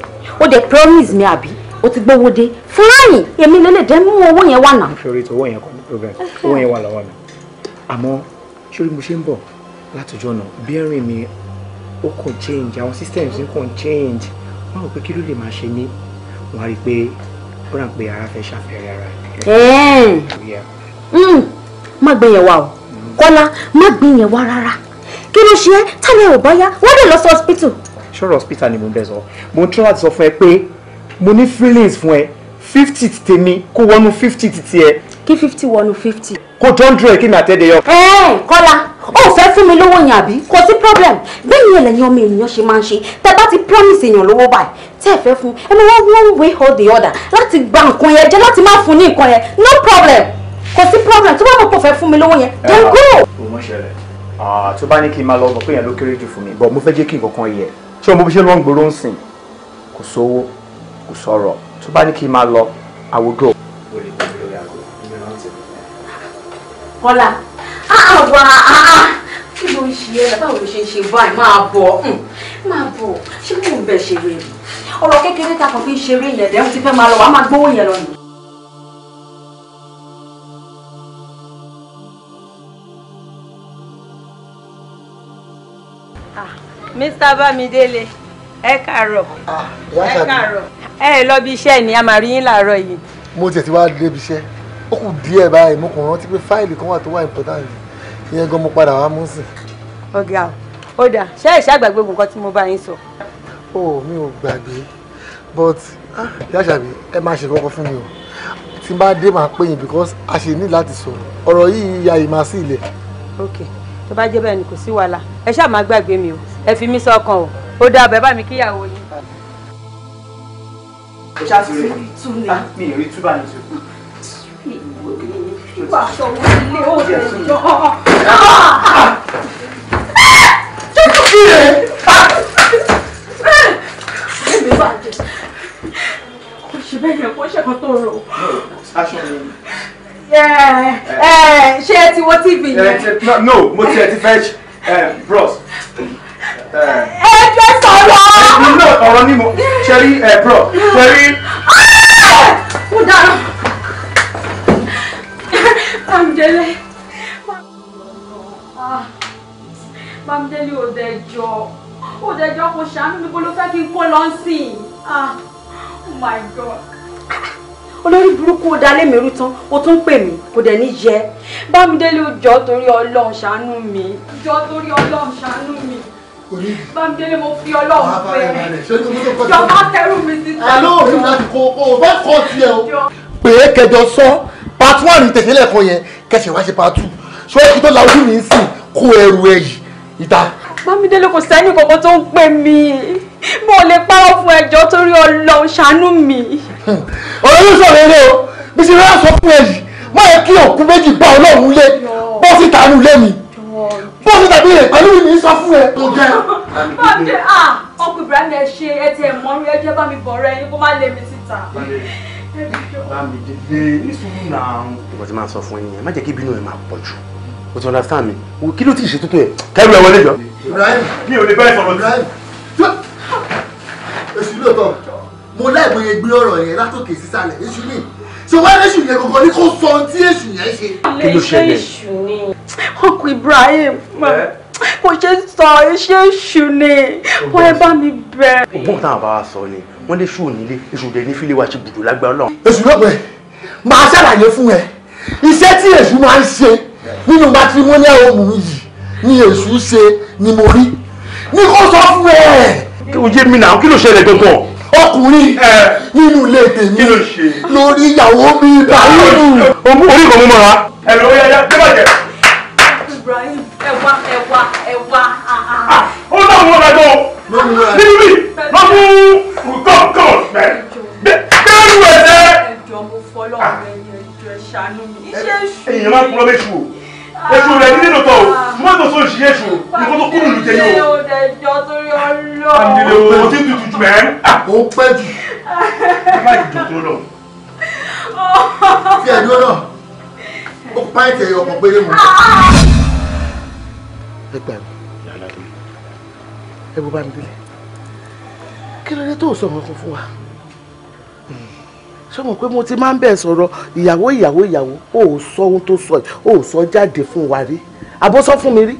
ó dẹ̀ promise mi àbí o ti gbowó dé fúláyìn èmi lélẹ̀ dẹ́ mú owó yẹn wà náà. sori ti owó yẹn kọ ní program owó yẹn wà lọ́wọ́ mi àmọ́ sori mo ṣe ń bọ̀ látọjọ́ náà bẹ́ẹ̀rìn mi ó kàn change àwọn systems ń kàn change wọ́n rò pé kí ló lè máa ṣe ní wọ́n á rí i pé ó rà pé ara fẹ́ ṣàfẹ́rẹ́ ara rẹ̀. Hmm. má gbé yẹn wá o hmm. kọ́lá má gbé yẹn wá rárá kí ló ṣe é tálẹ̀ ò bá yá wọ́n lè lọ sí hospital. sọ̀rọ̀ hospital ni mo ń bẹ̀ sọ mo ń tọ́ láti sọ fún ẹ pé mo ní feelings fún ẹ fifty ti tèmi kó wọnú fifty ti tiẹ. kí fifty wọnú fifty. kó tó ń dúró kí mi àtẹ́dẹ̀ yọ. ẹ kọ́lá ó fẹ́ fún mi lówó yẹn àbí kò sí problem bẹ́ẹ̀ yẹn lẹ́yìn ọmọ ènìyàn ṣe máa ń ṣe tẹ́ bá ti promise èèyàn lówó báyìí tẹ́ ẹ fẹ́ fún ẹ ní wọ́n one way or the order. láti gba nǹkan yẹn jẹ́ láti má fún ní nǹkan yẹn no problem kò sí problem tó bá mọ̀ kó fẹ́ fún mi lówó yẹn then go. tó bá ní kí n máa lọ ọmọ pé yẹn ló kéré jù fún mi bọ̀ mo fẹ́ jẹ́ kí nǹkan kan yẹ ṣé ọmọ bí ṣe lọ́n gbòòrò ń sìn kò sówó kò sọ̀rọ̀ tó bá ní kí n máa lọ àwùjọ. kọ́lá àwa kí ló ń ṣe ẹ́ báwo ló ṣe ń ṣe báyìí máa bọ̀ hmm, máa bọ̀ ṣé mò ń bẹ̀ ṣeré ni ọ̀rọ̀ kékeré ta kàn fi ń ṣeré yẹn dẹ́hùn ti fẹ́ máa lọ wàá máa gbówó yẹn lọ nìyí. Ah, Mr. Bamidele, ẹ kàárọ̀ ah, ẹ kàárọ̀ ẹ lọ bí iṣẹ́ ni a máa rí yín láàárọ̀ yìí. mo tiẹ̀ ti wá débi iṣẹ́ ó kù díẹ̀ báyìí mo kàn rántí pé fáìlì kan wà tó wà important ìyẹn gan mo padà wá mú sí. ọ̀gá ó dà ṣé ẹ̀ṣẹ́ àgbàgbé ogun kan tí mo bá yín sọ. o mi ò gbàgbé but ìyá ah, àṣàbí ẹ máa ṣe kọ́kọ́ fún mi o tí n bá dé máa pè yín because a ṣe ní láti sọ̀rọ̀ ọ̀rọ̀ yìí ya ìmọ̀ sí ilẹ̀. ok tó bá jẹ́ bẹ́ẹ̀ ni kò sí wàhálà ẹ ṣáà má gbàgbé mi o ẹ fi mí sọ́kàn o ó dáa bẹ́ẹ̀ bá mi kíyàwó yín ẹ ṣáàtìrẹ ah, mi ì rí túbà ní ìṣòkò. Ah! Ah! ṣe ẹ ti wo tv yẹn. no mo ti ẹ ti fẹ́ bros. ẹ jẹ́ sọ̀rọ̀ èmi náà ọ̀rọ̀ ni mo ṣẹ́rí ẹ̀ bro ṣẹ́rí. mo ah! dára bámidélé ah! bámidélé ò dẹjọ́ ò dẹjọ́ kò ṣàánú mi bó ló fẹ́ kí n kó lọ sí i ah oh my god olórí burúkú ó dalé mi rú tán ó tún pè mí kò dẹ̀ ní yẹ bámidélé ó torí ọlọ́run ṣàánú mi jọ torí ọlọ́run ṣàánú mi. Bámidélé mo fi ọlọ́run pé jọba tẹrù mi síta. Ẹ ló rí láti kó o bá kọ́ tiẹ̀ o. Pè é kẹjọ sọ part one ní tètè lẹ́ẹ̀kan yẹn kẹsẹ̀ wá ṣe part two. Ṣé kí tó la ojú mi ń sìn kó ẹrù ẹ yìí ìta. Bámidélé kò sẹ́ni kankan tó ń pè mí. Mo lè parọ́ fún ẹjọ́ torí ọlọ́run ṣàánú mi. Ọ̀rọ̀ yóò sọ̀rọ̀ eré o, bí ṣe rárá sọ fún ẹ yìí, má yẹ kí òkú méjì bá ọlọ́run lé, bọ́sítà nù lé mi bọ́ọ̀lù tàbí rẹ̀ pẹ̀lú mi sọ fún ẹ tó jẹ́. bàbá ah ọkùnrin ibrahim ẹ ṣe ẹ ti ẹ mọ rí ẹjẹ bá mi bọ̀ rẹ kó má lé mi síta. bámidélé nísìnyí náà. ìwọ ti máa sọ fún yín ẹ má jẹ́ kí ìbínú ẹ máa pọ̀ jù o ti understand mi o kí ló ti ṣe tuntun ẹ kẹrù ẹ wọlé jọ. ibrahim mi ò lè bá ẹ sọ̀rọ̀ ibrahim. èsì lóòótọ́ mo láì bóyá gbé ọ̀rọ̀ yẹn látòkè sísàlẹ̀ èsì mi ṣe wá léṣù yẹn gangan ni kò sọ ohun tí èṣù yẹn ṣe. kí ló ṣẹlẹ̀ èṣù ni ọkọ Ibrahim eh? mo ṣe sọ iṣẹ́ èṣù ni oh, wọ́n ẹ bá mi bẹ̀. ògbọ́n táwọn bá wa sọ ni wọ́n lé ṣù nílé èṣù dẹ̀ ní fílẹ̀ wa ṣe bùdó lágbára náà. èṣù lọ́pẹ́ máa ṣàlàyé fún ẹ iṣẹ́ tí èṣù máa ń ṣe nínú matrimonial home yìí ni èṣù ṣe ni mo rí ni kò sọ fún ẹ. kí ló yé mi náà ọkùnrin nínú ilé tèmi lórí ìyàwó mi Ibrahim. orí kò mú mọ́ra. ẹ̀rọ ó yáyá dé bàjẹ́. Ibrahim ẹ̀wà ẹ̀wà ẹ̀wà. Ah, ó náà mú ọ̀rẹ́ bọ̀ nínú mi wọ́n mú kọ́kọ́ bẹ́ẹ̀ bẹ́ẹ̀ lù ẹ̀sẹ̀. ẹ̀jọ̀ mo fọlọ́ ọ̀rẹ́ yẹn ẹ̀jọ̀ ṣàánú mi iṣẹ́ èṣù. èèyàn máa ń kúrọ́ bẹ́ẹ̀ ṣù o èṣù rẹ̀ ní nínú tọ̀ o mọ́tò sọ òṣì èṣù nǹkan tó kúrò lù tẹ̀yìn o. àmìlẹ̀ o mo ti tutù jù ẹ́. ó pẹ́ jù. bá ìjọ tó lọ. fi ẹ̀dúró náà ó pa ẹ̀tẹ̀ ọkọ̀ péré mu. ẹ gbà mí ẹ bó bá mi délé kí ló dé tó sọ ọkọ̀ fún wa ṣé mo pé mo ti máa ń bẹ̀ sọ̀rọ̀ ìyàwó ìyàwó ìyàwó ò sọ ohun tó sọ ò sọ jáde fún wa rí àbó sọ fún mi rí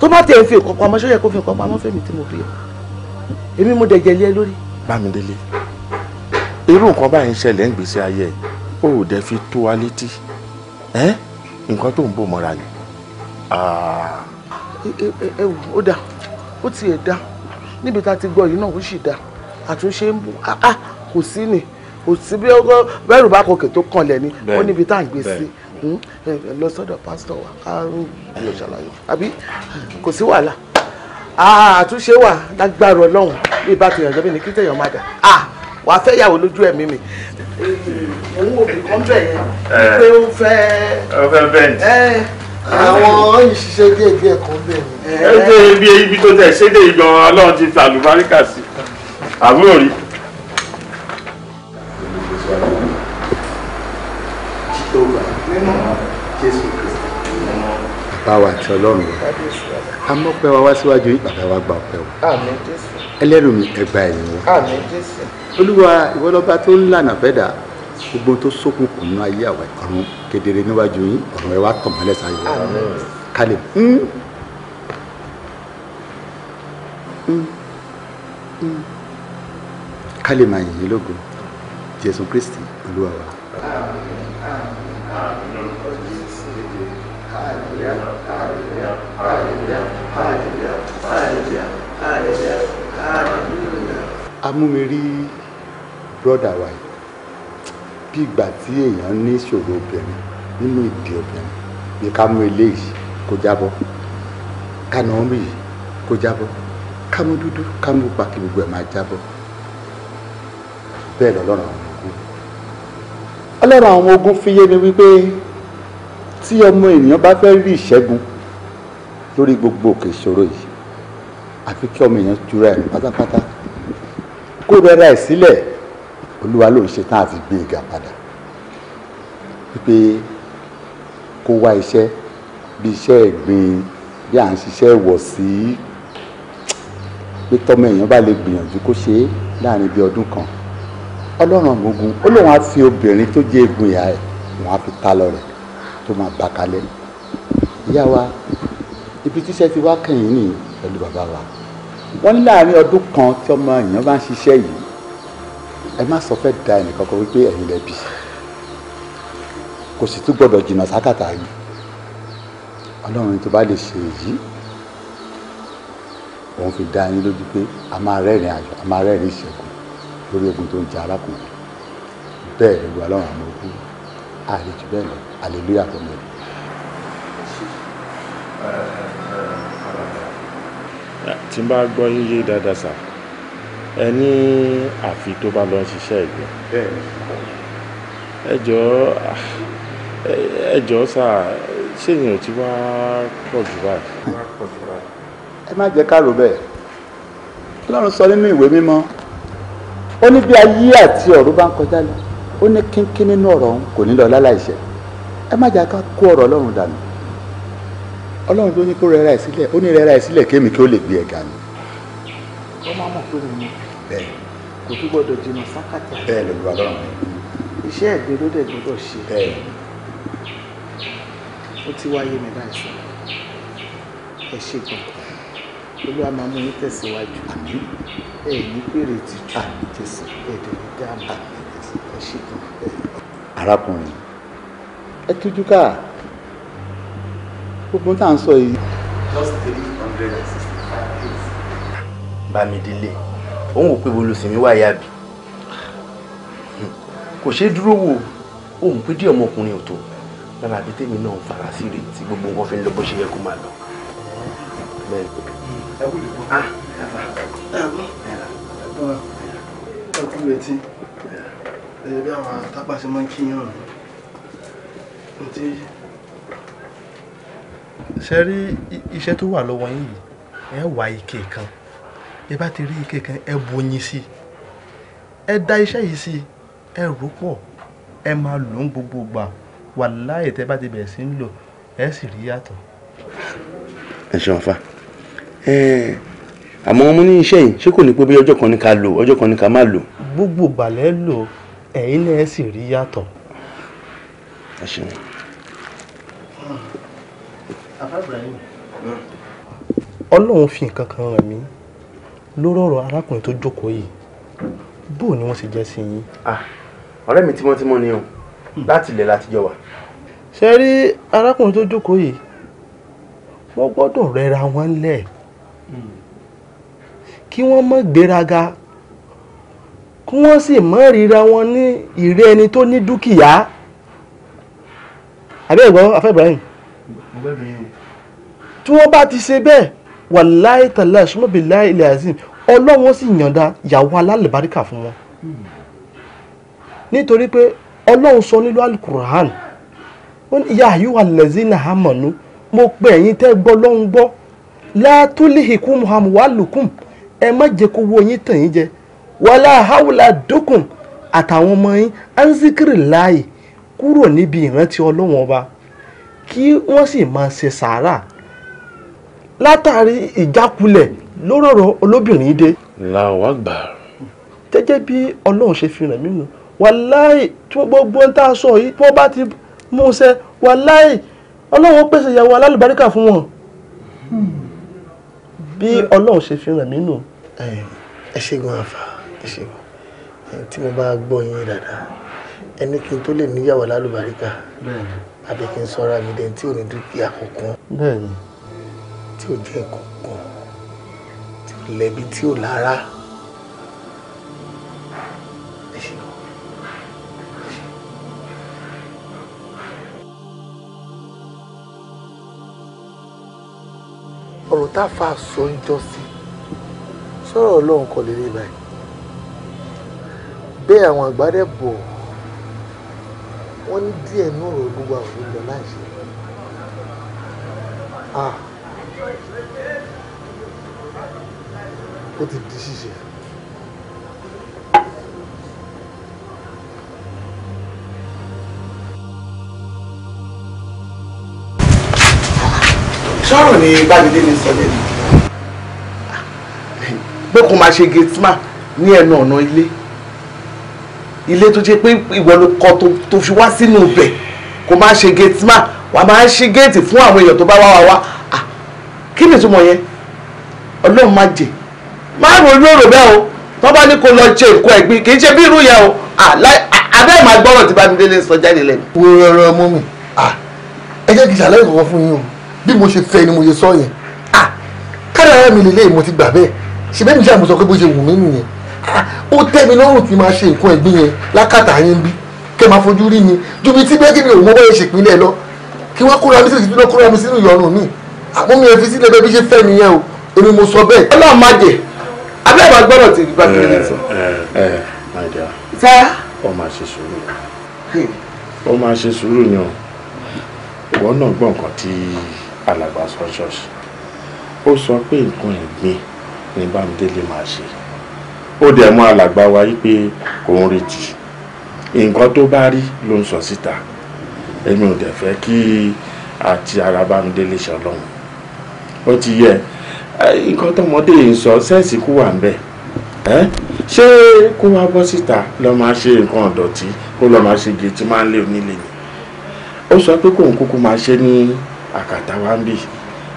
tó bá tẹ̀ fi nǹkan pamọ́ ṣó yẹ kó fi nǹkan pamọ́ fẹ́mi tí mo fi yẹ èmi mo dẹ̀ jẹ̀lé ẹ lórí. Bámidélé irú nǹkan báyìí ń ṣẹlẹ̀ ń gbèsè ayé ẹ̀ ò dẹ̀ fi tó wa létí ẹ́ nǹkan tó ń bò mọ́ra ni. Ah. ẹ wò ó dáa ó tiẹ̀ dáa níbi tá a ti gbọ́ yìí náà ó sì dáa àtúnṣe ń bọ̀ ah, ah, kò sí ni kò sí bí bẹ́rù bá kọkè tó kànlẹ̀ ni ó níbi tá à ń gbé sí lọ sọ́dọ̀ pásítọ̀ wa ká lọ ṣàlàyé àbí kò sí wàhálà àtúnṣe wà lágbára ọlọ́run bí ìbá ti yànjọ́ bí ni kí tẹ̀yàn má dà wàá fẹ́ yàwó lójú ẹ̀mí mi òun òbí kan bẹ̀ yẹn pé ó fẹ́ ó fẹ́ bẹ́ẹ̀ àwọn ìṣiṣẹ́ díẹ̀díẹ̀ kan bẹ̀ ni. ẹ ṣe ibi tó tẹ̀ ṣédè ìgbọ̀n ọlọ́run ti tàlùbáríkà sí àbúrò rí. bá wa ti ọlọ́run wa àmọ́ pẹ́ wa wá síwájú yìí bàbá wa gba ọpẹ́ o ẹlẹ́rù mi ẹgbà ẹ̀yìn wa olúwa ìwọlọ́ba tó ń lànà fẹ́dà gbogbo tó ṣókùnkùn nínú ayé àwọn ọ̀run kedere níwájú yín ọ̀run ẹ wá tàn mọ́lẹ̀ sáyé wa kálẹ̀ mm. mm. mm. kálẹ̀ máa yìn yín lógo Jésù Kristi olúwa wa. Amen. Amen. amúmirí brọ́dà wa yìí bí ìgbà tí èèyàn ní ìṣòro obìnrin nínú ìdí obìnrin bí ká mú eléyìí kó jábọ́ ká nà ọ́n yìí kó jábọ́ ká mú dúdú ká mú pa kí gbogbo ẹ̀ máa jábọ́ bẹ́ẹ̀ lọ́lọ́run àwọn ogun ọlọ́run àwọn ogun fi yé mi wípé tí ọmọ ènìyàn bá fẹ́ rí ìṣẹ́gun lórí gbogbo òkè ìṣòro yìí àfi kí ọmọ èèyàn jura ẹ̀ pátápátá kó rẹra ẹ̀ sílẹ̀ olúwa ló ń ṣe tán àti gbé ìgà padà wípé kó wá iṣẹ́ bí iṣẹ́ ẹ̀gbin bí à ń ṣiṣẹ́ ìwọ̀ sí pé tọ́mọ èèyàn bá lè gbìyànjú kó ṣe é láàrin bíi ọdún kan ọlọ́run gbogbo ó lóun á fi obìnrin tó jẹ́ egun ìyá ẹ̀ wọ́n á fi ta lọ rẹ̀ tó máa bá kalẹ̀ ìyá wa ibi tíṣẹ́ ti wá kẹ́yìn nìyí pẹ̀lú bàbá wa wọ́n ní láàrin ọdún kan tí ọmọ èèyàn bá ń ṣiṣẹ́ yìí ẹ má sọ fẹ́ da ẹnìkan kan wípé ẹ̀yin lẹ́bi kò sì tún gbọ́dọ̀ jìnnà sákàtà yìí ọlọ́run tó bá lè ṣe èyí òun fi dá yín lójú pé a máa rẹ́rìn ayọ̀ a máa rẹ́rìn ìṣẹ́gun lórí ogun tó ń jẹ arákùnrin bẹ́ẹ̀ ló wà lọ́rùn àwọn ogun àlejò bẹ́ẹ̀ lọ hallelujah fún mi. Tí n bá gbọ́ yín dáadáa sir, ẹ ní àfi tó bá lọ ń ṣiṣẹ́ ìgbẹ́. Bẹ́ẹ̀ni. Ẹ jọ̀ọ́, ẹ jọ̀ọ́ sir, ṣé èyàn ò ti wá pọ̀ jù báyìí? Ẹ má jẹ́ ká rò bẹ́ẹ̀. Ọlọ́run sọ nínú ìwé mímọ́, ó ní bí ayé àti ọ̀run bá ń kọjá lọ, ó ní kínkín nínú ọ̀rọ̀ kò ní lọ láláìṣẹ̀. Ẹ má jẹ́ ká kó ọ̀rọ̀ Ọlọ́run dànù ọlọ́run ló ní kó rẹra ẹ̀ sílẹ̀ ó ní rẹra ẹ̀ sílẹ̀ kémi kí ó lè gbé ẹ̀ ga ni. ó máa mọ̀ pé mi bẹ́ẹ̀ kò tún gbọ́dọ̀ jìnnà sákàtà. bẹ́ẹ̀ ló lọ ọlọ́run rẹ̀. iṣẹ́ ẹ̀gbẹ́ ló dẹ̀ gbọ́dọ̀ ṣe. bẹ́ẹ̀ ó ti wáyé mi láì sọ ẹ ṣe gan olúwa máa mú yín tẹ̀síwájú ẹ ní pèrè tìjú ẹ̀dẹ̀ ní dáàmú ẹ ṣe gan. arákùnrin ẹ tújú káà gbogbo tá à ń sọ yìí. just three hundred and sixty five days. Bámidélé òun ò pé bolo sinmi wá yá bi kò ṣeé dúró wò òun pé díẹ̀ ọmọkùnrin ò tó lára àbí tèmi náà ń fara sí rè tí gbogbo nǹkan fi ń lọ bó ṣe yẹ kó máa lọ. Ah, ẹ bí àwọn tápá ṣe máa ń kíyàn ní ti ṣe rí iṣẹ́ tó wà lọ́wọ́ yín yìí ẹ wá ike kan ẹ bá ti rí ike kan ẹ bóyin sí ẹ da iṣẹ́ yìí sí ẹ rò pọ̀ ẹ máa lò ń gbogbo gbà wà láàyè tẹ́ bá ti bẹ̀rẹ̀ sí ń lò ẹ sì rí yàtọ̀. ẹ ṣeun fa àmọ́ mo ní iṣẹ́ yìí ṣé kò ní pé bí ọjọ́ kan ní ká lò ọjọ́ kan ní ká má lò. gbogbo ìgbà lò ẹ̀yin náà sì rí yàtọ̀. ẹ ṣeun ọlọ́run fi nǹkan kan ràn mí lórí ọ̀rọ̀ arákùnrin tó jókòó yìí bó ni wọ́n ṣe jẹ́ sí yín. ọ̀rẹ́ mi tímọ́tímọ́ ni o láti ilẹ̀ láti jọ wà. ṣe rí arákùnrin tó jókòó yìí wọ́n gbọ́dọ̀ rẹra wọn lẹ̀ kí wọ́n má gbéraga kí wọ́n sì má ríra wọn ní ìrẹ́ tó ní dúkìá. àbẹ́ ẹ̀gbọ́n afẹ́ Ibrahim tí wọ́n bá ti ṣe bẹ́ẹ̀ wàláì tàlà ṣùmọ́bì láì ilẹ̀ azim ọlọ́run sì yànda yàwó alálùbáríkà fún wọn nítorí pé ọlọ́run sọ nínú alukur'an ó ní ìyá àyíwá lẹ́zínà hamanu mo pe ẹ̀yin tẹ́ gbọ́ lọ́hún gbọ́ látúlìhìkú muhammed wàlùkùm ẹ má jẹ́ kó wo yín tàn yín jẹ wàlá haúlà dókùn àtàwọn ọmọ yín anzikiri láàyè kúrò níbi ìrántí ọlọ́run ọba kí wọ́n sì máa ṣe sàárà látàrí ìjákulẹ̀ lórọ̀rọ̀ olóbìnrin dé. làwọn àgbà. jẹ́jẹ́ bí ọlọ́run ṣe fi ràn mí nù wàláì tí gbogbo ń tà sọ yìí tí wọ́n bá ti mú un ṣe wàláì ọlọ́run pèsè ìyàwó alálùbáríkà fún wọn. bí ọlọ́run ṣe fi ràn mí nù. ẹ ṣe gan afa ẹ ṣe gan tí mo bá gbọ́ yín dáadáa ẹni kí n tó lè níyàwó alálùbáríkà àbí kí n sọra mi dẹ̀ tí ò ní dúkìá kankan. bẹ́ẹ̀ni. tí ò jẹ́ kankan tí ò lẹ́bi tí ò lára. ọ̀rọ̀ tá a fa sọ ń jọ sí sọ̀rọ̀ ọlọ́run kọ́ lélẹ́ báyìí bẹ́ẹ̀ àwọn àgbà wọ́n ní díẹ̀ ní ọ̀rọ̀ olúwa ò lọ láìsí. ó ti di ṣíṣe. sọ̀rọ̀ ni bájídé ní sọ lẹ́nu. bó kò máa ṣe gate man ní ẹnu ọ̀nà ilé ilé tó ṣe pé ìwọ ló kọ́ tó fi wá sínú ibẹ̀ kó má ṣe gate man wà máa ń ṣí géètì fún àwọn èèyàn tó bá wá wa wá ah, kí ni ìtumọ̀ yẹn ọlọ́run má jẹ́ má ronú èrò bẹ́ẹ̀ o tó bá ní kó lọ ṣe nǹkan ẹ̀gbin kì í ṣe bí irú yẹn o ah, ah, abẹ́ máa gbọ́rọ̀ tí Bámidélé ń sọ jáde lẹ́nu. wo rọrọ ọmọ mi ẹ jẹ́ kí ìṣàlẹ́ ìrànwọ́ fún yín o bí mo ṣe fẹ́ ni mo ṣe sọ yẹn kára ara mi lè léyìí mo ti gbà bẹ́ẹ̀ ṣe bẹ́ẹ̀ mi ṣe àmúṣọ pé bó ṣe wù mí nìyẹn ó tẹ́ mi lọ́rùn tí máa ṣe nǹkan ẹ̀gbìn yẹn lákàtà yín bí kẹ́ máa fojú rí mi ju bí tí bẹ́ẹ̀kì òun mọ́wọ́ yẹn ṣèpínlẹ̀ lọ kí wọ́n kóra mi sí ìtúná kóra mi sínú ìyọrùn mi àmúmi ẹ̀ fi sílẹ̀ bẹ́ẹ̀ bí ṣe fẹ́ nìyẹn o èmi mo sọ bẹ́ẹ̀. ọlọ́run má jẹ abẹ́ ìwà gbọ́dọ̀ ti gbà kí ni sọ. ó máa ṣe sùúrù ó máa ṣe sùúrù ni o ìwọ náà gbọ́ nǹkan tí alàgbà sọ ṣọ́ọ̀ṣì ó sọ pé nǹkan ẹ̀gbin ni bámidélé máa ṣe ó dẹ̀ mú alàgbà wa yí pé kò ń retí nǹkan tó bá rí ló ń sọ síta èmi ò dẹ̀ fẹ́ kí àti ara bá mi délé ṣe ọlọ́run ó ti yẹ nǹkan tọmọdé yìí ń sọ sẹ́ẹ̀sì kú wà ń bẹ̀ ṣé kó wá bọ́ síta lọ máa ṣe nǹkan ọ̀dọ̀tí kó lọ máa ṣe gé tí máa ń lé onílé ni ó sọ pé kóun kúkú máa ṣe ní àkàtà wa ń bì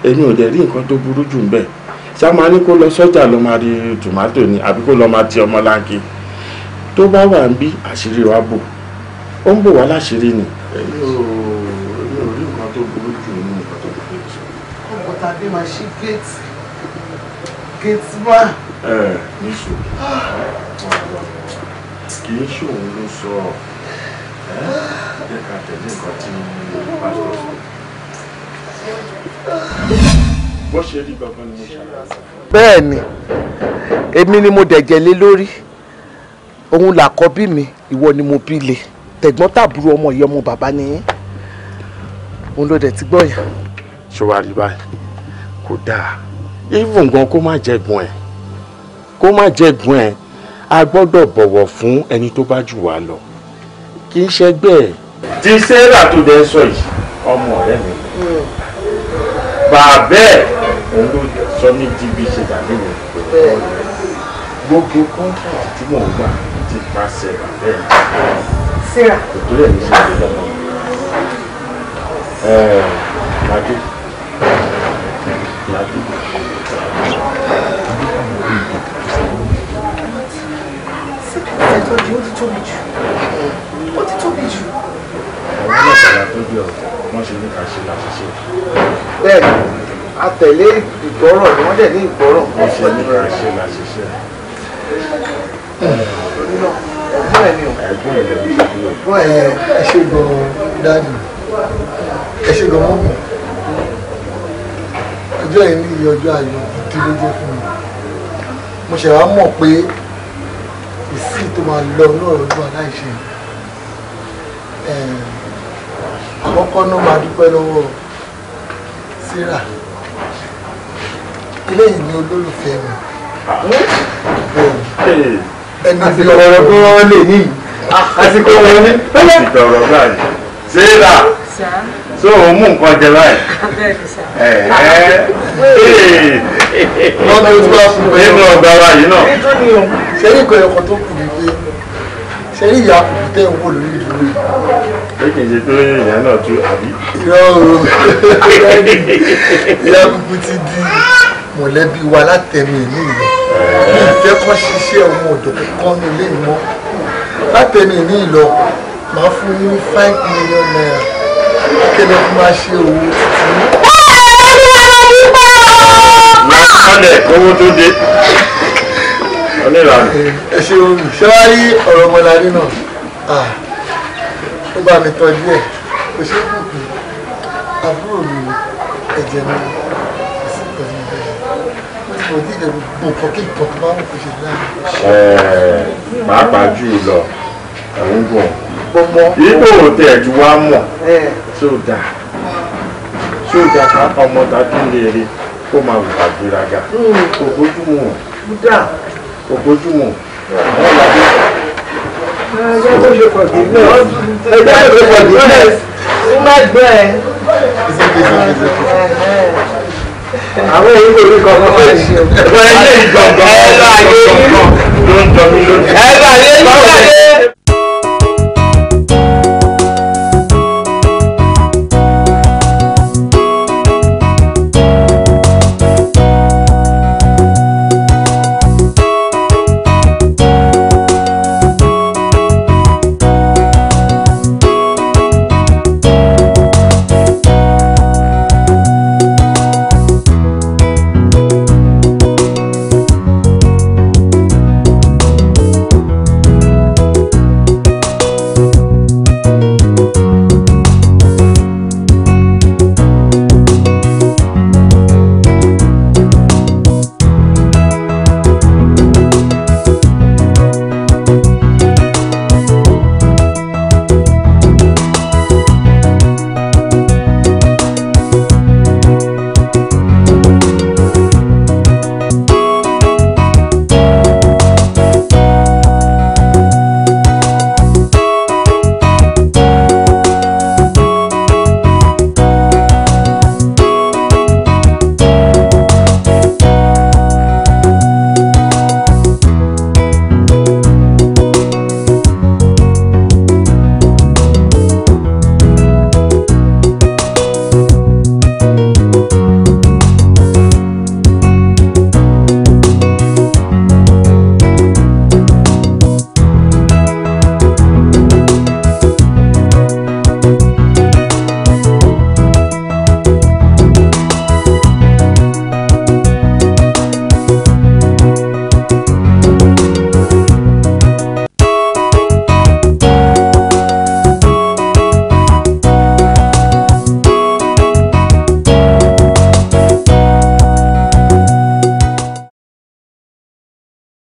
èmi ò dẹ̀ rí nǹkan tó burú jù ń bẹ̀ ṣá máa ní kó lọ sọ́jà ló máa rí tòmátò ni àbí kó lọ máa ti ọmọlanke tó bá wà ń bí àṣírí wa bò ó ń bò wá láṣìírí ni. èmi ò èmi ò rí nǹkan tó burú jù nínú nǹkan tó burú jù. ọkọ̀ tàbí máa kì í ṣòun ló sọ ọ jẹ́ ká tẹ̀lé nǹkan tí pásítọ̀ sọ bó ṣe rí gbọ̀ngàn ni mo ṣàlàyé. bẹ́ẹ̀ ni èmi ni mo dẹ̀jẹ̀ lé lórí òun làkọ́bí mi ìwọ ni mo bí le tẹ̀gbọ́n tàbúrò ọmọ ìyá ọmọ bàbá ni yín òun ló dẹ̀ ti gbọ́ yẹn. ṣọwárí báyìí kò dáa even gan kó má jẹ̀gbọ́n ẹ̀ kó má jẹ̀gbọ́n ẹ̀ a gbọ́dọ̀ bọ̀wọ̀ fún ẹni tó bá jù wá lọ kì í ṣẹgbẹ́ ẹ̀. ti sarah tó dẹ sọ yìí ọmọ ọ̀rẹ́ mi hmm. bàbá ẹ̀ òun ló sọ ní jíbi ṣe dàbí mi gbogbo kọ́ńtà tí mò ń gbà ti pa sẹ̀rà bẹ́ẹ̀ sẹ̀rà kò tó lẹ̀ ní sẹ̀rà lọ́wọ́ ládé ládé ìtọ́jú ó ti tóbi jù ó ti tóbi jù. àwọn ọlọ́pàá la tọ́jú ọ̀rọ̀ wọ́n ṣe ní ká ṣe làṣìṣe. bẹ́ẹ̀ ni atẹ̀lé ìgbọ́rọ̀ ni wọ́n dẹ̀ ní ìgbọ́rọ̀ kò sí ẹni rẹ̀. ẹ̀gbọ́n ẹ̀ ni o ẹ̀gbọ́n ẹ̀ ẹ̀ ṣe gan-an dáàbò ẹ̀ ṣe gan-an mọ̀ ọjọ́ yìí ní iye ọjọ́ ayọ̀ gidi ló jẹ́ fún mi mo ṣe wá mọ̀ pé ìsìn tó máa lọ náà lọ́dún aláìṣe àkọ́kọ́ náà máa dúpẹ́ lọ́wọ́ Sarah eléyìí ni olólùfẹ́ mi ẹni bí ọ̀rọ̀ tó rán lè ní àsìkò wọn ní. àsìkò ọ̀rọ̀ báyìí sẹ́là so òun mú nǹkan jẹ báyìí. lọ́dún tó bá fún mi. nínú ọgbà wa yìí náà. sẹ́yìn ìkọ̀ ẹ̀kọ́ tó kù ní pé sẹ́yìn ìyá kù tẹ̀ ń wò lórí ìdúró yìí. pé kì í ṣe tó yẹ ìyá náà tú àbí. yọ̀ọ́ ìyá kúkú ti di mọ̀lẹ́bí wa látẹnu ìní ìlú ní ìfẹ́ kan ṣiṣẹ́ ọmọ ọ̀dọ̀ kankan ní ilé ìmọ̀ látẹnu ìní ìlọ máa fún ní five million naira kéde kó máa ṣe owó. lọ́sọ̀lẹ̀ owó tó dé ọlẹ́lànà. ẹ ṣeun ṣé wàá rí ọ̀rọ̀ ọmọlárí náà ó bá mi tọ́jú ẹ̀ kò ṣe é kù kù àbúrò mi ẹ̀jẹ̀ mi ìfọ̀dí rẹ̀ gbogbo nǹkan kí nǹkan tó bá wù kó ṣe láàyè. pàápàá jù lọ ẹ̀hún gùn ibo òtẹ ẹ̀jú wa mọ̀ sódà sódà pàápàá ọmọ tàbí lèrè kó máa wù àgbéraga hmm. ògbójúmọ̀ ògbójúmọ̀ àwọn làbí. ẹjẹ́ tó ṣe pọ̀ jù lọ ẹjẹ́ tó ṣe pọ̀ jù lọ ẹ má gbẹ ẹ àwọn èyí kò rí kankan máa ṣe o. ẹ̀rọ ayé ìgbọ̀ngàn ló ń jọ mí lójú. ẹ̀rọ ayé ìgbọ̀ngàn.